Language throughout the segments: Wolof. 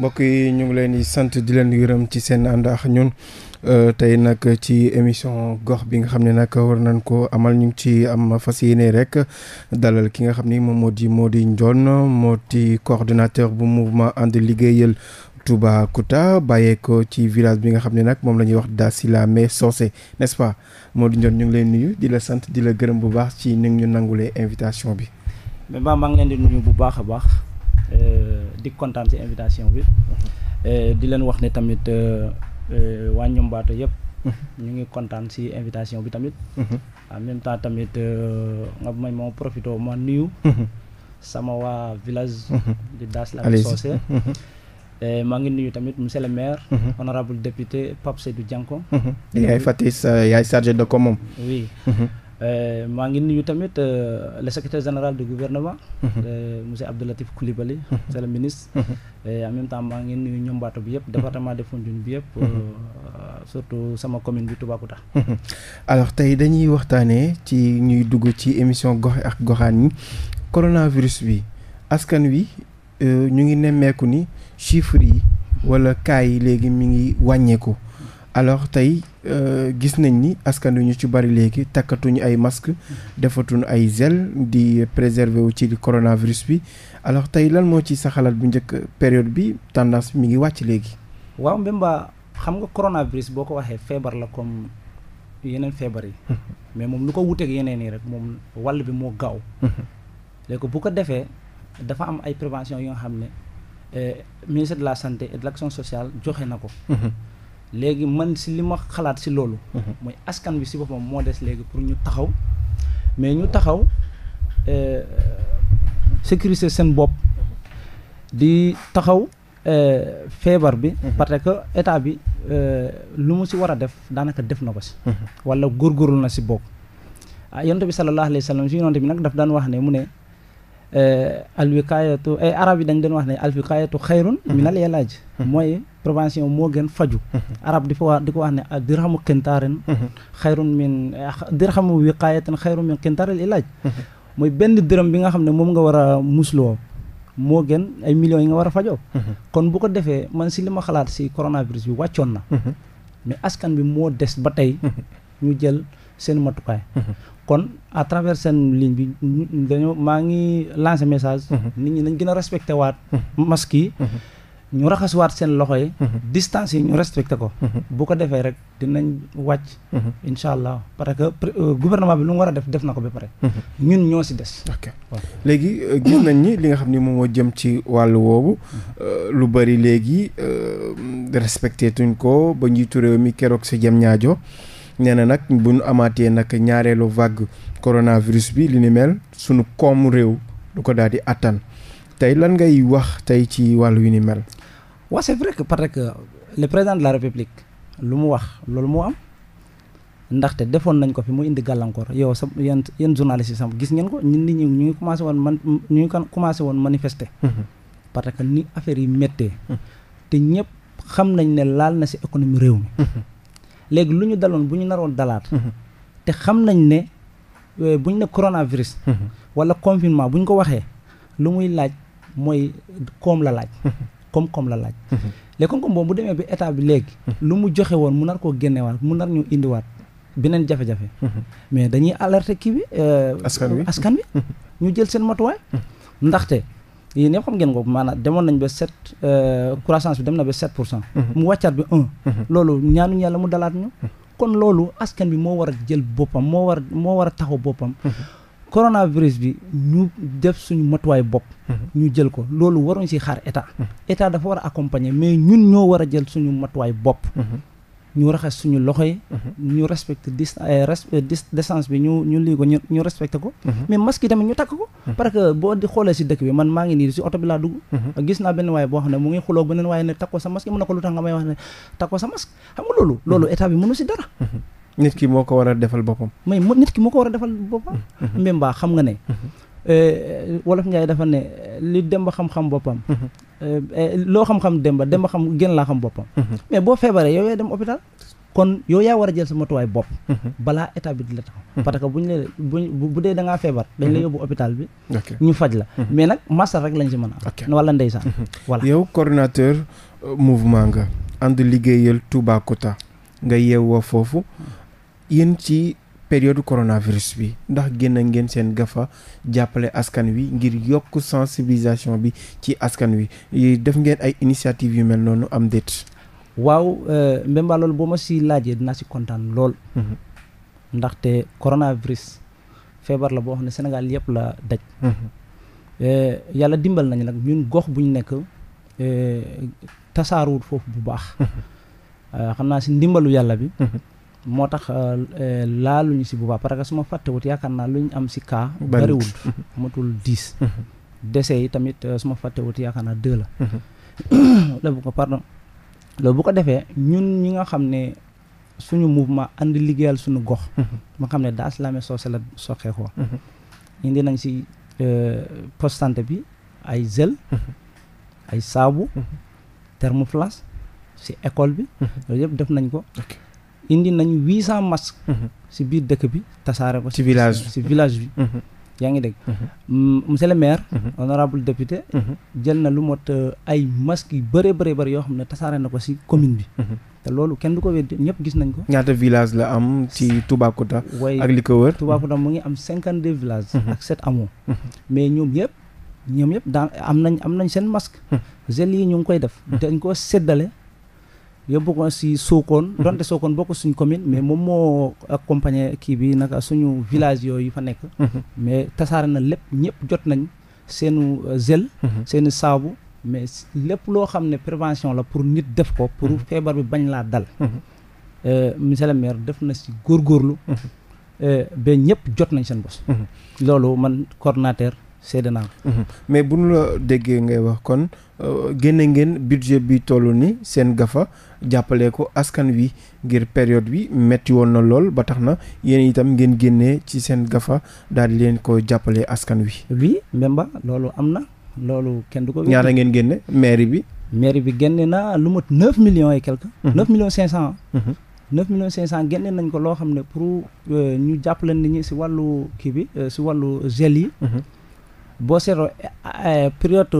mbokk yi ñu ngi leen di sant di leen gërëm ci seen ànd ak ñun euh, tey nag ci émission gox bi nga xam ne nag war nañ ko amal ñu ngi ci am fas yéene rek dalal ki nga xam ne moom moo di Mody Ndione moo di coordonnateur bu mouvement ànd liggéeyal Toubacouta bàyyee ko ci village bi nga xam ne nag moom la ñuy wax Dassilame Socé n'est-ce pas Mody Ndione ñu ngi leen nuyu di la sant di la gërëm bu baax ci ni ñu nangulee invitation bi. bu baax a baax. Euh, di kontaan ci invitation bi eh, di leen wax ne tamit eh, eh, waa Ñombaato yëpp mhm. ñu ngi kontaan ci invitation bi tamit mhm. en même temps tamit nga may moo profité ma nuyu mhm. sama waa village di Daas la Socé maa ngi nuyu tamit monsieur le honorable député Pape Seydou Dianko yaay Fatis yaay chargé de com moom oui Euh, maa ngi nuyu tamit euh, le secrétaire général du gouvernement. Mhm. Euh, monsieur Abdoulatif Coulibaly. Mhm. c'est le ministre. Mhm. en même temps maa ngi nuyu ñombaato bi yëpp. département de Foundiougne bi yëpp. surtout sama commune bi Toubacouta. alors tey dañuy waxtaanee ci ñuy dugg ci émission gox ak goxaan yi coronavirus bi askan wi ñu ngi nemmeeku ni chiffres yi wala cas yi léegi mi ngi wàññeeku. alors tey euh, gis nañ ni askan wi ñu ci bari léegi takkatuñu ay masque defatuñu ay gel di préserver wu ci coronavirus bi alors tey lan moo ci sa xalaat bu njëkk période bi tendance mi ngi wàcc léegi. waaw Mbemba xam nga coronavirus boo ko waxee feebar la comme yeneen feebar yi. Hmm. mais moom lu ko wuteeg yeneen yi rek moom wall bi moo gaaw. Hmm. léegi bu ko defee dafa am ay prévention yoo xam ne euh, ministre de la santé et de l'action sociale joxe na ko. Hmm. léegi man si li ma xalaat si loolu. Mhm. mooy askan bi si boppam moo des léegi pour ñu taxaw mais ñu taxaw euh, sécuriser seen bopp di taxaw euh, feebar bi. Mhm. parce que état bi euh, lu mu si war a def daanaka def na ko si. Mhm. wala góorgóorlu na si bokk ah yonent bi sallallahu alayhi wa sallam si yonent bi nag daf daan wax ne mu ne. Eh, alwikaayatu ay eh, arab yi dañ doon wax ne alwikaayatu xayrun mhm. min al laaj mhm. mooy prévention moo gën faju mhm. arab di fa wax di ko wax ne dirhamu qintaarin xayrun min eh, dirhamu wiqaayatin xayrun min qintaaril laaj mooy benn dërëm bi nga xam ne moom nga war a musloo moo gën ay million yi nga war a fajoo kon bu ko defee man si li ma xalaat si coronavirus bi wàccoon na mais askan bi moo des ba tey ñu jël seen matukaay kon à travers seen ligne bi dañoo maa ngi lancé message. Mhm. nit ñi nañ gën a respecté waat. Mhm. masque yi. Mhm. ñu raxas waat seen loxo yi. distance yi ñu respecté ko. bu ko defee rek dinañ wàcc. incha allah parce que euh, gouvernement bi lu mu war a def def na ko ba pare. ñun ñoo si des. léegi euh, gis nañ ni li nga xam ni moom moo jëm ci wàllu woowu euh, lu bari léegi respecté tuñ ko ba njiitu réew mi keroog sa jëm ñaajo. nee na nag bu ñu amaatee nag ñaareelu vague coronavirus bi li ni mel sunu koom réew du ko daal di attan tey lan ngay wax tey ci wàllu wi ni mel. waaw c'est vrai que parce que le président de la république lu mu wax loolu moo am ndaxte defoon nañ ko fi mu indi gàllankoor yow sa yéen yéen journaliste yi sam gis ngeen ko ñun nit ñi ñu ngi commencé woon man ñu ngi commencé woon manifester. Mhm. parce que ni affaire yi méttee. Mhm. te ñëpp xam nañ ne laal na si économie réew mi. Mhm. léegi lu ñu daloon bu ñu naroon dalaat mhm. te xam nañ ne euh, bu ñu ne coronavirus mhm. wala confinement bu ñu ko waxee lu muy laaj mooy koom la laaj mhm. koom-koom la laaj léegi koom boobu bu demee bi état bi léegi lu mu joxe woon mu nar koo génnewaat mu nar ñu indiwaat beneen jafe-jafe mais dañuy alerter kii bi askan euh, bi askan wi ñu jël seen matuwaay ndaxte yéen ñëpp xam ngeen ko maanaam demoon nañ ba sept euh, croissance bi dem na ba sept pour cent mhm. mu wàccaat bi un mhm. loolu ñaanuñu yàlla mu dalaat ñu mhm. kon loolu askan bi moo war a jël boppam moo war moo war a taxaw boppam coronavirus bi ñu def suñu matuwaay bopp ñu jël ko loolu waruñ si xaar état état dafa war a accompagner mais ñun ñoo war a jël suñu matuwaay bopp ñu raxas suñu loxo yi. Mhm. ñu respecté dis eh, eh, distance bi ñu ñu lii ko ñu ñu respecté ko. Mhm. mais masque yi tamit ñu takk ko. Mhm. parce que boo di xoolee si dëkk bi man maa ngi nii si oto bi laa dugg. gis naa benn waaye boo xam ne mu ngi xuloo beneen waaye ne takkoo sa masque ko lu tax xam nga loolu. loolu état bi mënu si dara. nit ki moo ko war a defal boppam. mais nit ki moo ko war a defal boppam. mbaa xam nga ne. Euh, wolof Njaay dafa ne li demba xam-xam boppam. Mhm. Euh, euh, loo xam-xam demba demba xam gën laa xam boppam. Mhm. mais boo feebaree yow yaa dem hôpital. kon yow yaa war a jël sa matuwaay bopp. Mhm. balaa état bi di la taxaw. parce que bu ñu nee bu bu dee dangaa feebar. dañ la yóbbu hôpital bi. ñu faj la. mais nag masal rek lañ si mën a am. wala ndeysaan. voilà yow coordinateur mouvement nga. ànd liggéeyal Toubacouta nga yeewoo foofu yéen ci. période coronavirus bi ndax génn ngeen seen gafa jàppale askan wi ngir yokk sensibilisation bi ci askan wi def ngeen ay initiative yu mel noonu am déet waaw euh, Mbemba loolu boo ma si laajee dina si kontaan lool mhm. ndaxte coronavirus feebar la boo xam ne Sénégal yëpp la daj mhm. euh, yàlla dimbal nañu nag ñun gox bu nekk euh, tasaaruwut foofu bu baax mhm. xam naa si ndimbalu yàlla bi moo tax euh, euh, laaluñu si bu baax parce que su ma fàttewut yaakaar naa lu ñu am si cas bariwul mhm. amatul dix mhm. décès yi tamit euh, su ma fàttewut yaakaar naa deux la mhm. loolu bu ko defee ñun ñi nga xam ne suñu mouvement indi liggéeyal suñu gox ma xam ne daas lame soose la soxee ko indi nañ si poste bi ay gel ay saabu thermoflash si école bi yëpp def nañ ko indi nañ huit cent masques si mhm. biir dëkk bi tasaare ko si village si village bi mhm. yaa ngi dégg mhm. monsieur le maire honorable député jël na lu mot euh, ay masques yu bëree bëri bëri yoo xam ne tasaare na ko si commune bi te loolu kenn du ko weddi ñëpp gis nañ ko ñaata village la am ci Toubacouta ak li ko wër Toubacouta mu ngi am cinquante deux villages ak sept amoo mais ñoom yëpp ñoom yëpp daan am nañ am nañ seen masque gel yi ñu ngi koy def dañ koo séddale yóbbu ko si Sokone mhm. donte Sokone bokk suñ commune mais moom moo ak accompagné kii bi naka suñu village yooyu fa nekk mhm. mais tasaare na lépp ñëpp jot nañ seenu zel euh, mhm. seeni saabu mais lépp loo xam ne prévention la pour nit def ko pour feebar bi bañ laa dal euh, monsieur le def na si góor góorgóorlu euh, ba ñëpp jot nañ seen bos loolu man coordonnateur seede naa mhm. mais bu ñu la déggee ngay wax kon euh, génne ngeen budget bi toll ni seen gafa jàppale ko askan wi ngir période bi metti woon na lool ba tax na yéen itam ngeen génnee ci seen gafa daal di leen ko jàppale askan wi. oui Mbemba loolu am na loolu kenn du ko. ñaata ngeen génne mairie bi. mairie bi génne na lu mot neuf millions yi quelque. Mhm. neuf millions cinq cent. Mhm. neuf millions cent génne nañ ko loo xam ne pour euh, ñu jàppale nañu ñi si wàllu kii bi euh, si wàllu gel yi. boo seetloo eh, eh, période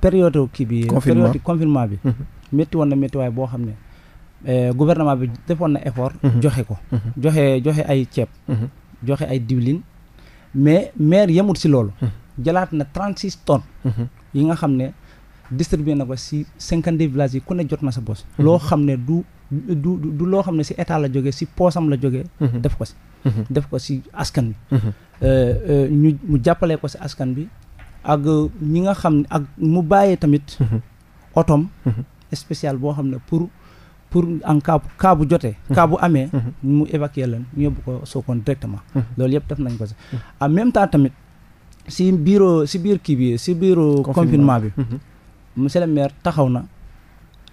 période kii bi. confinement période confinement bi. Mhm. métti woon na méttiwaay boo xam ne eh, gouvernement bi defoon na effort. Mhm. joxe ko. Mhm. joxe joxe ay ceeb. joxe ay diwlin mais maire yemut si loolu. jëlaat na 36 yi nga xam ne distribué na ko si 52 village yi ku ne jot na sa bos. loo xam ne du du du loo xam ne si état la jógee si poosam la jógee. def ko si. def ko si askan wi. Euh, euh, ñu mu jàppale ko si askan bi ak ñi nga xam ak mu bàyyee tamit mhm. otom mhm. spécial boo xam ne pour pour en cas bu jotee mhm. cas bu amee mu évacuer leen ñu yóbbu ko Sokone directement loolu yëpp def nañ ko si en même temps tamit si bureau si biir kii bi si bureau confinement bi le maire taxaw na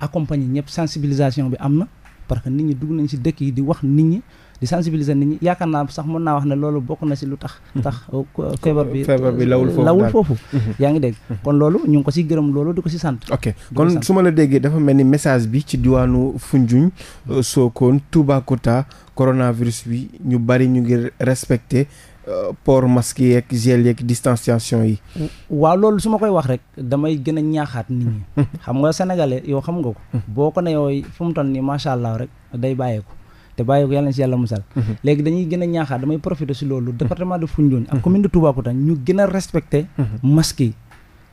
accompagner ñëpp sensibilisation bi am na parce que nit ñi dugg nañ si dëkk yi di wax nit ñi di sensibiliser nit ñi yaakaar naa sax mën naa wax ne loolu bokk na si lu tax mhm. tax uh, uh, feebar bi feebar bi lawul foofu mhm. yaa ngi dégg mhm. kon loolu ñu ko si gërëm loolu di ko si sant ok kon su ma la déggee dafa mel ni message bi ci diwaanu Foundiougne uh, Sokone Toubacouta coronavirus bi ñu bari ñu ngi respecté port masque yeeg gel yeeg distanciation yi waaw loolu su ma koy wax rek damay gën a ñaaxaat nit ñi xam nga sénégalais yow xam nga ko boo ko ne yooyu fu mu toll nii macha allah rek day bàyyeeku te bàyyi ko yàlla na si yàlla musal mhm. léegi dañuy gën a ñaaxaat damay profiter si loolu mhm. département de Foundiougne ak commune de Toubacouta ñu gën a respecter mhm. masque yi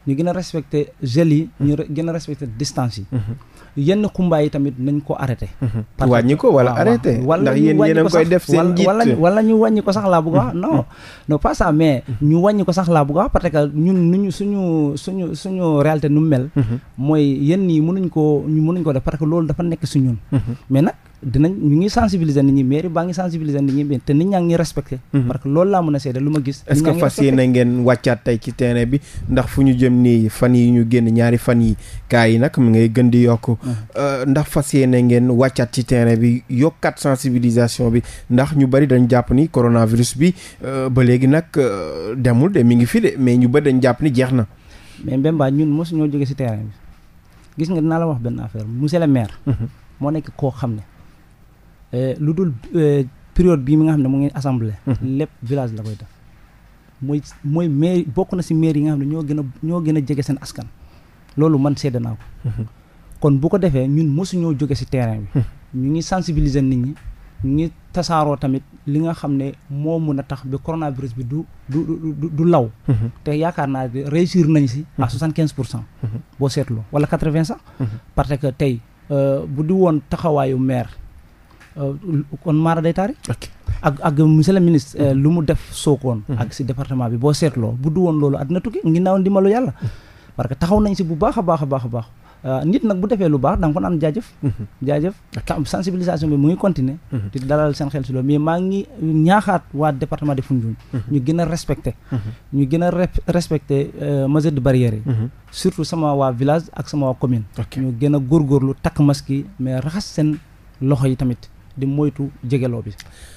ñu gën a respecter ñu gën a distance yi yenn xumbaay yi tamit nañ ko arrêté wàññi ko wala arrêté ndax a ñu wàññi ko sax laa bëgg a wax non non mais ñu wàññi ko sax laa bëgg a wax parce que ñun nuñu suñu suñu suñu réalité nu mu mel mooy yenn yi mënuñ ko ñu mënuñ ko def parce loolu dafa nekk si ñun mais dinañ ñu ngi sensibiliser nit ñi mairie baa ngi sensibiliser nit ñi te nit ñaa ngi respecté. Mhm. parce que loolu laa mën a seede lu ma gis. est-ce que fas yéene ngeen tey ci terrain bi ndax fu ñu jëm nii fan yi ñu génn ñaari fan yi kaa yi nag mu ngay gën di yokk mhm. euh, ndax fas yéene ngeen wàccaat ci terrain bi yokkaat sensibilisation bi ndax ñu bari dañ jàpp ni coronavirus bi euh, ba léegi nag euh, demul de mi ngi fi mais ñu bari dañ jàpp jeex na. mais Mbemba ñun mosu ñoo jóge si gis nga dinaa la wax benn affaire mu le maire. Mhm. moo nekk koo xam ne. Eh, lu dul eh, période bii mu nga xam ne mu ngi assemblée. Mhm. lépp village la koy def mooy mooy maire bokk na si maire yi nga xam ne ñoo gën a ñoo gën a jege seen askan loolu man seede naa ko mhm. kon bu ko defee ñun mosuñoo jóge si terrain bi mhm. ñu ngi sensibiliser nit ñi ñu ngi tasaaroo tamit li nga xam ne moo mun a tax ba coronavirus bi du du du du law te yaakaar naa réussir nañ si à soixante quinze pour cent boo seetloo wala quatre vingt sax parce que tey euh, bu di woon taxawaayu maire Euh, kon maara day taari ak ak monsieur le ministre euh, mhm. lu mu def sookoon mhm. ak si département bi boo seetloo bu du woon loolu àddina tukki ginnaaw ndimbalu yàlla mhm. parce que taxaw nañ si bu baax a baax a baax a baax euh, nit nag bu defee lu baax danga ko naan jaajëf jaajëf sensibilisation bi mu ngi continuer di dalal seen xel si loolu mais maa ngi ñaaxaat waa département de Foundiougne ñu gën a respecté ñu gën a respecté mesures de barrières yi surtout sama waa village a di moytu jegeloo bi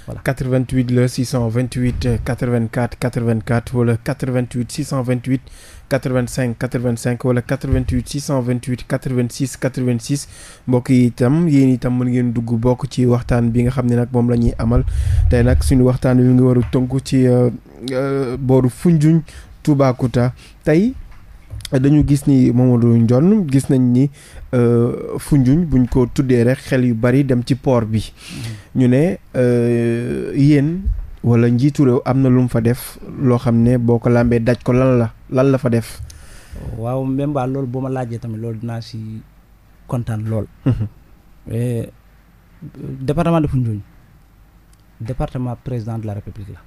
voilà. 88 la 628 84 84 wala 88 628 85 85 wala 88 628 86 86 mbokk yi itam yéen itam mën ngeen dugg bokk ci waxtaan bi nga xam ne nag moom la ñuy amal te nag suñu waxtaan wi nga war a tënku ci euh, euh, booru Foundiougne Toubacouta tey. dañu gis ni Mamadou Ndione gis nañ ni euh, fu njuñ buñ ko tuddee rek xel yu bari dem ci port bi mm-hmm. ñu ne euh, yéen walla njiitu réew am na lu mu fa def loo xam ne boo ko làmbee daj ko lan la lan la fa def waaw même ba loolu boo ma laajee tamit loolu dinaa si kontaan lool mm-hmm. eh, département de Foundiougne département président de la république la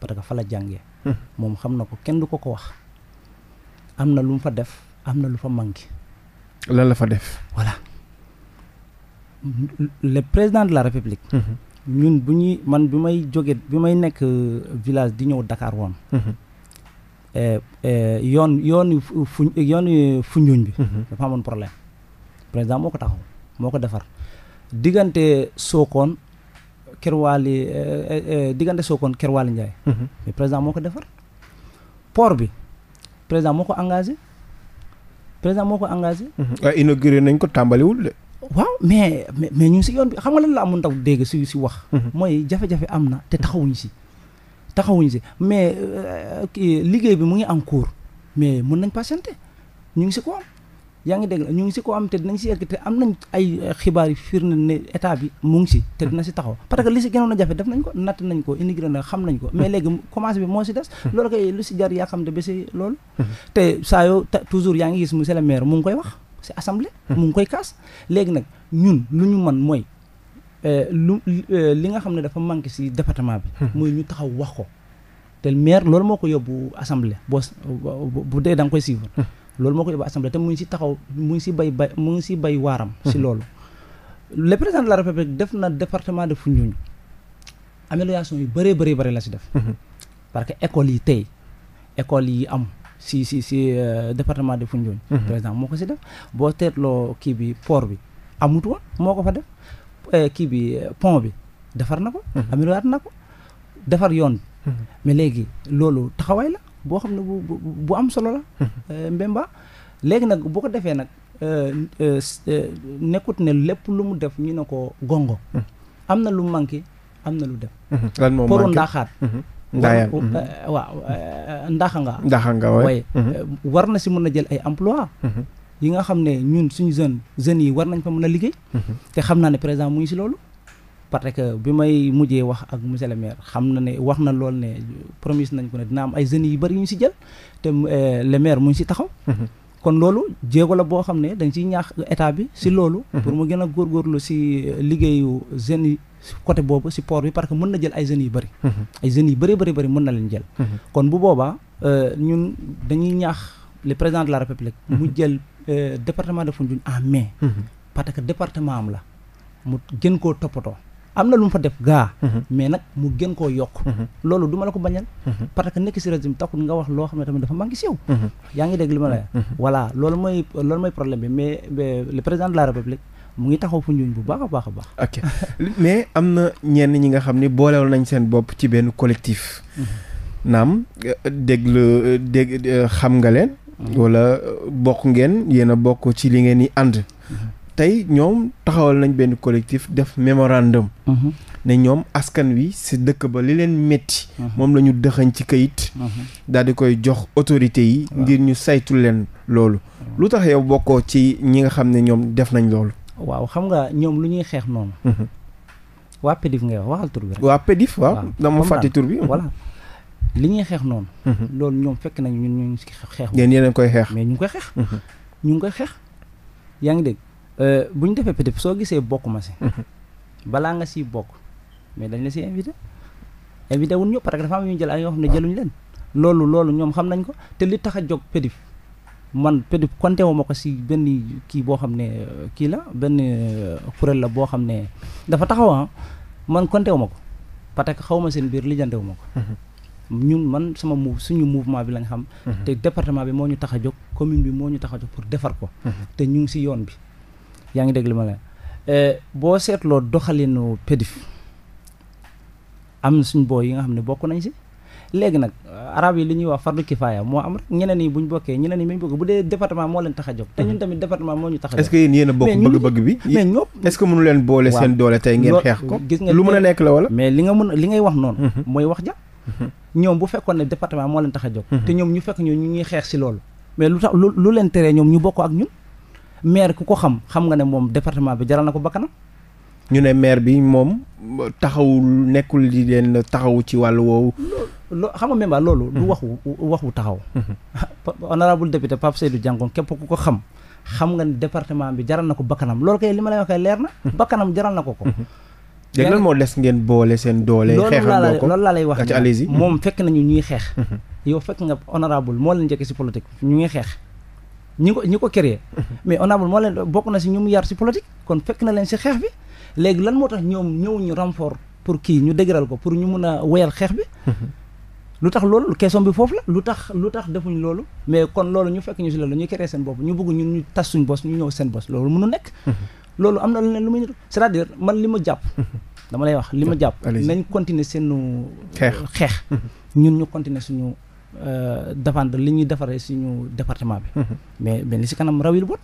parce que fa la jàngee mm-hmm. moom xam na ko kenn du ko ko wax am na lu mu fa def am na lu fa manqué. lan la fa def. voilà le président de la république. Mhm. ñun bu ñuy man bi may jóge bi may nekk euh, village di ñëw dakaar woon. Mhm. Eh, eh, yoon yoon fu yoon Foundiougne bi. Mhm. dafa amoon problème président moo ko taxaw moo ko defar diggante Sokone Kerwaali eh, diggante Sokone Kerwaali Ndiaye. mais président moo ko defar port bi. président moo ko engagé président moo ko engagé. waaye mhm. ah, inauguré nañ ko tàmbaliwul de. waaw mais mais mais ñu ngi si yoon bi xam nga lan la amoon taw dégg si si wax. Mhm. mooy jafe-jafe am na te taxawuñu si. taxawuñu si mais euh, liggéey bi mu ngi en cours mais mën nañ patienter ñu ngi si ko yaa ngi dégg ñu ngi si ko am te dinañ si egg te am nañ ay eh, xibaar yu firnde ne état bi mu ngi si te dina si taxaw parce que li si gënoon a jafe def nañ ko natt nañ ko immigré na xam nañ ko mais léegi commencé bi moo si des hmm. loolu kay lu si jar yaa xam te ba si hmm. te saa yoo toujours yaa ngi gis monsieur le maire mu ngi koy wax hmm. mu ngi koy kaas léegi nag ñun lu ñu man mooy eh, lu eh, li nga xam ne dafa manqué si département bi mooy ñu taxaw wax ko te maire loolu moo ko yóbbu assemblée boo bu dee da koy suivre loolu moo ko yóbbu assemblée te mu ngi si taxaw mu ngi si bay bay mu ngi si bay waaram si loolu le président la république def na département de Foundiougne amélioration yu bëree bëri bëri la si def mhm. parce que école yi tey école yi am si si si euh, département de Foundiougne mhm. président moo ko si def boo teetloo kii bi port bi amut woon moo ko fa def euh, kii bi euh, pont bi defar na ko mhm. amélioraat na ko defar yoon mais léegi loolu taxawaay la boo xam ne bu bu am solo la. Euh, Mbemba léegi nag boo ko defee nag euh, euh, nekkut ne lépp lu mu def ñu ne ko gongo. Hmm. am na lu manqué am na lu def. Hmm. lan moo manqué pour ndaxaar. Hmm. ndaayaan waaw ndaxa nga. ndaxa nga waaye. war na si mun a jël ay emploi yi nga xam ne ñun suñu jeune jeunes yi war nañ fa mun a liggéey. te xam naa ne par exemple mu ngi si loolu. parce que bi may mujjee wax ak monsieur le maire xam na ne wax na lool ne promise nañ ko ne dina am ay jeunes yu bëri ñu si jël te euh, le maire mu ngi si taxaw. Mm-hmm. kon loolu jéego la boo xam ne dañ ciy ñaax état bi si loolu. Mm-hmm. pour mu gën a góorgóorlu si euh, liggéeyu jeunes yi côté boobu si port bi parce que mën na jël ay jeunes yu bëri. Mm-hmm. ay jeunes yu bëri bëri bëri mën na leen jël. kon bu boobaa euh, ñun dañuy ñaax le président de la république. mu jël département de Foundiougne en mai. parce que département la mu gën koo toppatoo. am na lu mu fa def gaa. Mhm. mais nag mu gën koo yokk. Mhm. loolu duma la ko bañal. Mhm. parce que nekk si régime taxul nga wax loo xam ne tamit dafa manqué si yow. yaa ngi dégg li ma la voilà loolu mooy loolu mooy problème bi mais le président de la république. mu ngi taxaw fu ñuñ bu baax a baax a baax. ok mais am na ñenn ñi nga xam ni boolewal nañ seen bopp ci benn collectif. naam dégg dégg xam nga leen. wala bokk ngeen yéen a bokk ci li ngeen di ànd. tey ñoom taxawal nañ benn collectif def mémorandum mhm. ne ñoom askan wi si dëkk ba li leen métti mhm. moom lañu ñu ci kayit mhm. daal di koy jox autorité yi ngir ñu saytu leen loolu lu tax yow bokkoo ci ñi nga xam ne ñoom def nañ loolu waaw xam nga ñoom lu ñuy xeex noonu waa PEDIF ngay wax waxal tur bi rek waa PEDIF waaw dama fàtte tur bi voilà li ñuy xeex noonu loolu ñoom fekk nañ ñun ñu xeex yéen yéen koy xeex mais ñu koy xeex ñu ngi koy xeex yaa ngi dégg Euh, bu ñu defee peut soo gisee bokk ma si. Mhm. balaa nga siy bokk mais dañ la si invité. invité wuñ ñëpp parce que dafa am ñu jël ak yoo xam ne ah. jëluñ leen. loolu loolu ñoom xam nañ ko te li tax a jóg pédif man pédif konte wu ma ko si benn kii boo xam ne euh, kii la benn euh, kuréel la boo xam ne dafa taxaw ah, man konte wu ko parce que xaw ma seen biir lijjante wu ma ko. Mhm. ñun man sama mou suñu mouvement bi lañ xam. Mhm. te département bi moo ñu tax a jóg commune bi moo ñu tax a jóg pour defar ko. te ñu ngi si yoon bi. yaa ngi dégg li ma la euh, boo seetloo doxalinu pédif am na suñ booy yi nga xam ne bokk nañ si léegi nag arab yi li ñuy wax fardu kifaaya moo am rek ñeneen yi buñ bokkee ñeneen yi bu a jóg te ñun tamit département moo ñu a a bokk a nekk la wala mais li mhm. mhm. bu fekkoon ne département moo leen tax a jóg mhm. te ñoom ñu fekk ñu ñu ngi xeex si loolu mais lu leen teree ñoom ñu bokk ak ñun maire ku ko xam xam nga ne moom département bi jaral na ko bakkanam ñu ne maire bi moom taxawul nekkul di leen taxawu ci wàllu woowu. loo xam nga Mbemba loolu. du mhm. waxu waxu taxaw. Mhm. honorable député Pape Seydou Diangon képp ku ko xam. xam nga ne département bi jaral na ko bakkanam loolu kay li ma lay waxee leer na. Mhm. bakkanam jaral na ko ko. léegi lan moo des ngeen boole seen doole. xeexandoo ko loolu laa lay wax moom fekk nañu ñuy xeex. yow fekk nga honorable moo leen njëkk si politique ñu ngi xeex. ñi ko ñi ko créé mhm. mais ONAMOL moo leen bokk na si ñu mu yar si politique kon fekk na leen si xeex bi léegi lan moo tax ñoom ñëwuñu renfort pour kii ñu dëgëral ko pour ñu mun a wéyal xeex bi mhm. lu tax loolu question bi foofu la lu tax lu tax defuñ loolu mais kon loolu ñu fekk ñu si la ñu créé seen bopp ñu bëgg ñun ñu tas suñ bos ñu ñëw seen bos loolu mënu nekk mhm. loolu am na leneen lu muy c'est-à-dire man li ma jàpp dama lay wax li ma jàpp nañ continuer seenu xeex ñun ñu continuer suñu Euh, défendre li ñuy defaree suñu département bi. Mhm. mais mais li si kanam rawil bot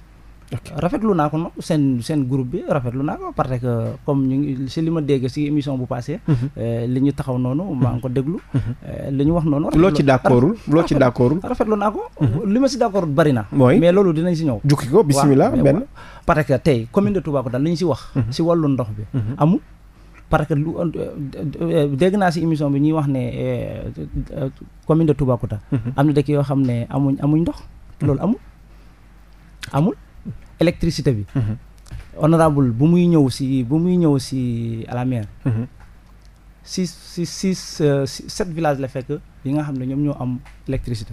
rafetlu naa ko nag seen seen groupe bi rafetlu naa ko parce que comme ñu ngi si li ma dégg si émission bu passé. Mhm. Euh, li ñu taxaw noonu mhm. maa ngi ko déglu. Euh, li ñu wax noonu. loo ci d'accordul loo ci d'accordul rafetlu naa ko. li ma si d'accord bari na. mais loolu dinañ si ñëw. jukki ko bismillah benn. parce que tey commune de Toubacouta li ñu si wax. si wàllu ndox bi amul. parce que lu dégg naa si émission bi ñuy wax ne euh, commune de Toubacouta. Mhm. am na dëkk yoo xam ne amuñ amuñ ndox. Mhm. loolu amul amul électricité bi. Mhm. honorable bu muy ñëw si bu muy ñëw si à la mer. six six euh, six sept villages la fekk yi nga xam ne ñoom ñoo am électricité.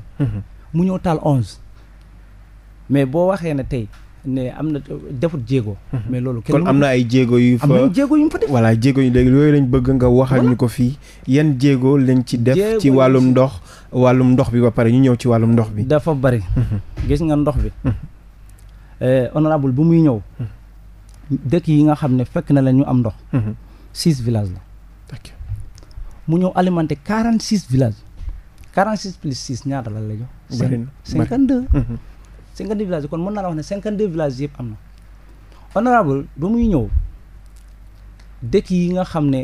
mu ñëw taal onze mais boo waxee na tey. ne am na defut jéego. Mhm. mais loolu kon am na ay jéego yu fa am na jéego yu fa def. voilà jéego yu léegi yooyu lañ bëgg nga waxal ñu ko fii yan jéego lañ ci def. ci wàllum ndox wàllum ndox bi ba pare ñu ñëw ci wàllum ndox bi. dafa bari. Mhm. gis nga ndox bi. Mhm. Eh, honorable bu muy ñëw. dëkk yi nga xam ne fekk na la ñu am ndox. six villages la. mu ñëw alimenté quarante six villages quarante six plus six ñaata la lay jox. cinquante deux. cinquante deux villages yi kon mën naa la wax ne cinquante deux villages yëpp am na honorable ba muy ñëw dëkk yi nga xam ne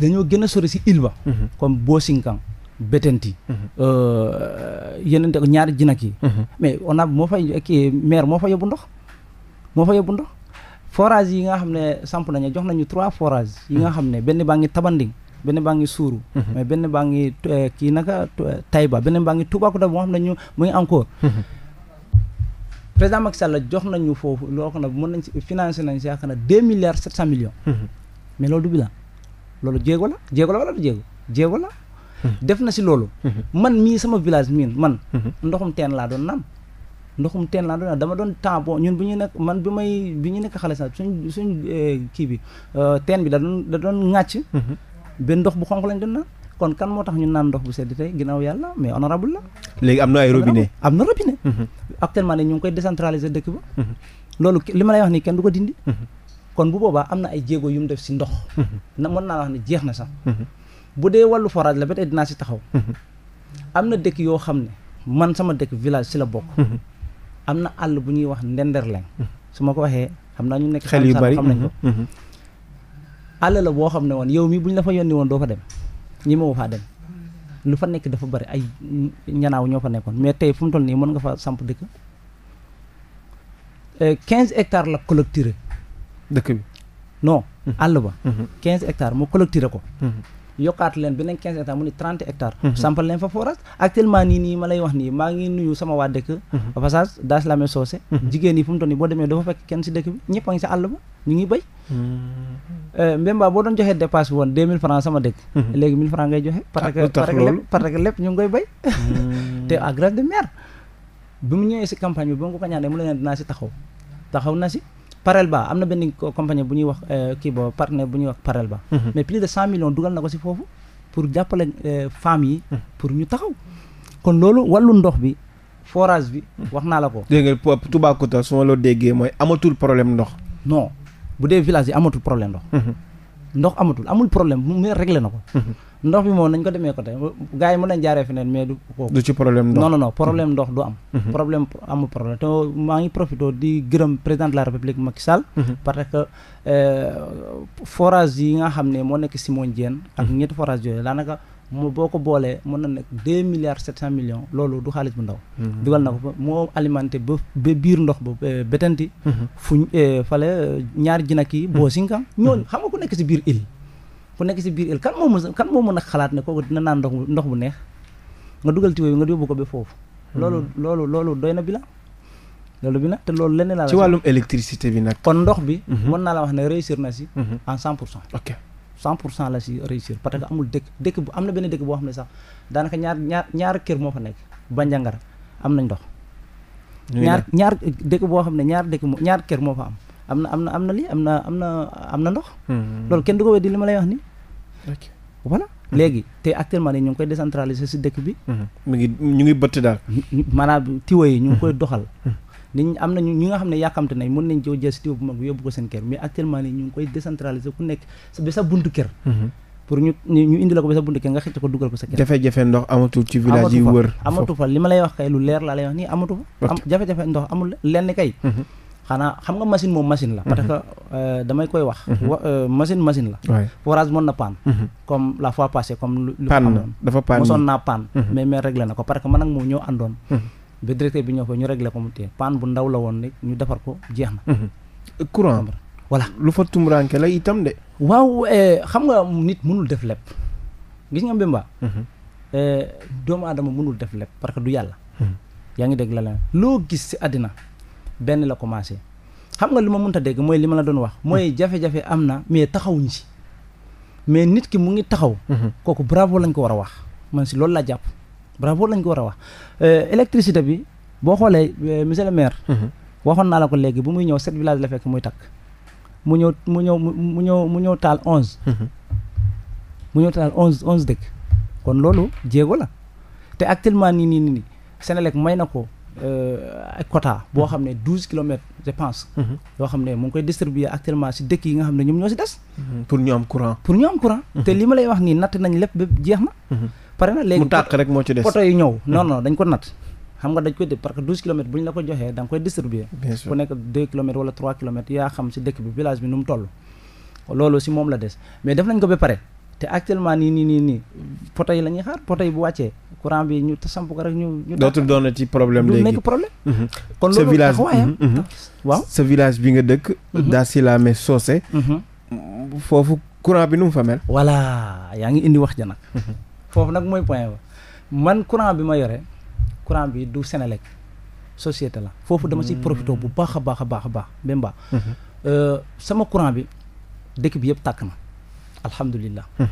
dañoo gën a sori si île ba mhm. comme Bosinkan Betenti mhm. euh, yeneen ko ñaari jinak yi mhm. mais on a moo fay kii moo fa yóbbu ndox moo fa yóbbu ndox forage yi nga xam ne samp nañu jox nañu trois forage yi nga xam ne benn baa ngi Tabanding benn baa ngi Suuru mais benn baa ngi euh, kii naka Tayba benn baa ngi Toubacouta boo xam ne ñu mu ngi encore président Macky Sall jox ñu foofu loo xam ne mën nañ si financé nañ si yaakaar na deux milliards sept cent millions mhm. mais loolu du bilan loolu jéego la jéego la wala du jéego jéego la mhm. def na si loolu mhm. man mii sama village miin man ndoxum teen laa doon naan ndoxum teen laa doon naan dama doon temps bon ñun bu ñu nekk man bi may bi ñu nekk xale sax suñ suñ eh, kii bi euh, teen bi da doon da doon ŋàcc benn ndox bu xonq lañ doon na kon kan moo tax ñun naan ndox bu sedd tey ginnaaw yàlla mais honorable la léegi am na ay am na robinet actuellement ne ñu ngi koy décentraliser dëkk ba mhm. loolu li ma wax nii kenn du ko dindi mhm. kon bu boobaa am na ay jéego yu mu def si ndox mhm. na mën naa wax ne jeex na sax bu dee wallu forage la ba tey dinaa si taxaw am na dëkk yoo xam ne man sama dëkk village si la bokk am na àll bu ñuy wax ndenderleng su ma ko waxee xam naa ñu nekk xel yu bari xam nañ all la boo xam ne woon yow mii bu ñu la fa yónni woon doo fa dem ñii ma woo faa dem lu fa nekk dafa bari ay ñanaaw ñoo fa nekkoon mais tey fu tol ni nii mën nga fa samp dëkk euh, quinze hectares la collecté dëkk bi non àll ba quinze hectares mu collecté ko yokkaat leen beneen quinze hectares mu ne trente hectares mhm. sampal leen fa forage actuellement nii nii ma lay wax nii maa ngi nuyu sama waa dëkk mhm. passage daas la amee soose mhm. jigéen yi fu mu toll nii boo demee doo fa fekk kenn si dëkk bi a ngi si ba ñu ngi béy euh, Mbemba boo doon joxee dépasse bi woon deux mille francs sama dëkk léegi mille francs ngay joxe ah, parce que parce que que lépp ñu ngi koy béy te à de maire bi mu ñëwee si campagne bi ba mu ko ñaanee mu la ne dinaa si taxaw taxaw na si Parelba am na benn compagnie bu ñuy wax euh, kii boobu partenaire bu ñuy wax Parelba. Mhm. mais plus de cent millions dugal na ko si foofu pour jàppale euh, femmes yi. Mhm. pour ñu taxaw kon loolu wàllu ndox bi forage bi mhm. wax naa la ko. dégg nga Toubacouta su ma la déggee mooy amatul problème ndox. non bu dee village yi amatul problème ndox. ndox amatul amul problème mu réglé na ko ndox bi moom nañ ko demee côté gars yi mën nañ jaaree feneen mais du kooku du ci problème problème ndox du am problème amul problème te maa ngi profité di gërëm président de la république Macky parce que euh, forage yi nga xam ne moo nekk Simon Diène ak ñetti forage yooyu daanaka mu boo ko boolee mën na nekk deux milliards sept cent millions loolu du xaalis bu ndaw mhm. dugal na ko moo alimenté ba biir ndox ba eh, betanti mhm. fa eh, fale eh, ñaari jinak yi mhm. boo sinkan ñooñu xam nga ku nekk si biir île nekk si biir île kan moo mën kan moo mën a xalaat ne kooku dina naan ndox ndox bu neex nga dugal tiwo bi nga yóbbu ko ba foofu loolu loolu loolu doy na bi la loolu bi nag te loolu leneen laa la ci wàllum électricité bi nag kon ndox bi mën naa la wax ne réussir na si en cent pour cent pour cent la si réussir parce que mm-hmm. amul dëkk dëkk bu am na benn dëkk boo xam ne sax daanaka ñaar ñaar moo fa nekk Bandiangara am na ndox ñaar ñaar boo xam ne ñaar dëkk ñaar kër moo fa am am na am na am na lii am na am na am na ndox mm-hmm. loolu kenn du ko weddi li ma lay wax ni voilà mm-hmm. léegi te actuellement nii ñu ngi koy décentraliser si dëkk bi mu ngi ñu ngi bëtt daal maanaam tiwo yi ñu ngi koy doxal nit am nañu ñi nga xam ne yàkkamte nañ mën nañ joo jël si bu mag yóbbu ko seen kër nii ñu ngi koy décentraliser ku nekk ba sa buntu kër mhm. pour ñu ñu indi la ko ba sa buntu kër nga xëcc ko dugal ko sa kër jafe-jafe ndox amatul ci village yi wër amatu fa li ma lay wax kay lu leer laa lay wax nii amatu fa jafe-jafe ndox amul lenn kay mhm. xanaa xam nga machine moom machine la parce mhm. que euh, damay koy wax euh, machine machine la forage mën na panne comme la fois passée comme lu panne na ko parce ba directeur bi ñoo fa ñu réglé ko mu tee paan bu ndaw la woon rek ñu defar ko jeex na. Mhm. courant lu fa tumuraanke la itam de. waaw eh, xam nga nit mënul def lépp gis nga Mbemba. Mhm. Eh, doomu aadama mënul def lépp parce que du yàlla. Mhm. yaa ngi dégg la leneen loo gis si àddina benn la commencé xam nga lu ma mënta dégg mooy li ma la doon wax. mooy jafe-jafe am na mais taxawuñ si mais nit ki mu ngi taxaw. kooku bravo lañ ko war a wax man si loolu laa jàpp. bravo lañ ko war a wax euh, électricité bi boo xoolee euh, monsieur le maire. Mhm. waxoon naa la ko léegi bu muy ñëw sept village la fekk muy takk mu ñëw mu ñëw mu ñëw mu ñëw taal onze mhm. mu ñëw taal onze onze dëkk kon loolu jéego la te actuellement nii nii nii Sénélec may na ko euh, ay quota boo xam ne douze kilomètres je pense mhm. yoo xam ne mu ngi koy distribuer actuellement si dëkk yi nga xam ne ñoom ñoo si des pour ñu am courant pour te li ma lay wax nii natt nañ lépp ba jeex na pare na léegi mu tàq rek moo ci des poto yi ñëw hmm. non non dañ ko nat xam nga dañ koy dé parce que douze kilomètres bu ñu la ko joxee da nga koy distribuer ku nekk deux si dëkk bi village bi nu mu toll loolu si moom la des mais def nañ ko ba pare te actuellement nii nii nii nii poto yi la ñuy xaar poto yi bu ñu samp ko rek ñu. ñu dootul doon ci problème léegi du nekk problème. Hmm. kon loolu village hmm, waaw sa village bi nga dëkk. soose. foofu courant bi nu mu fa mel. voilà yaa ngi indi wax ja nag. foofu nag mooy point ba man courant bi ma yore courant bi du lekk société la foofu dama si profité bu baax a baax a baax a baax Mbemba mhm. euh, sama courant bi dëkk bi yëpp tàkk na alhamdulilah mhm.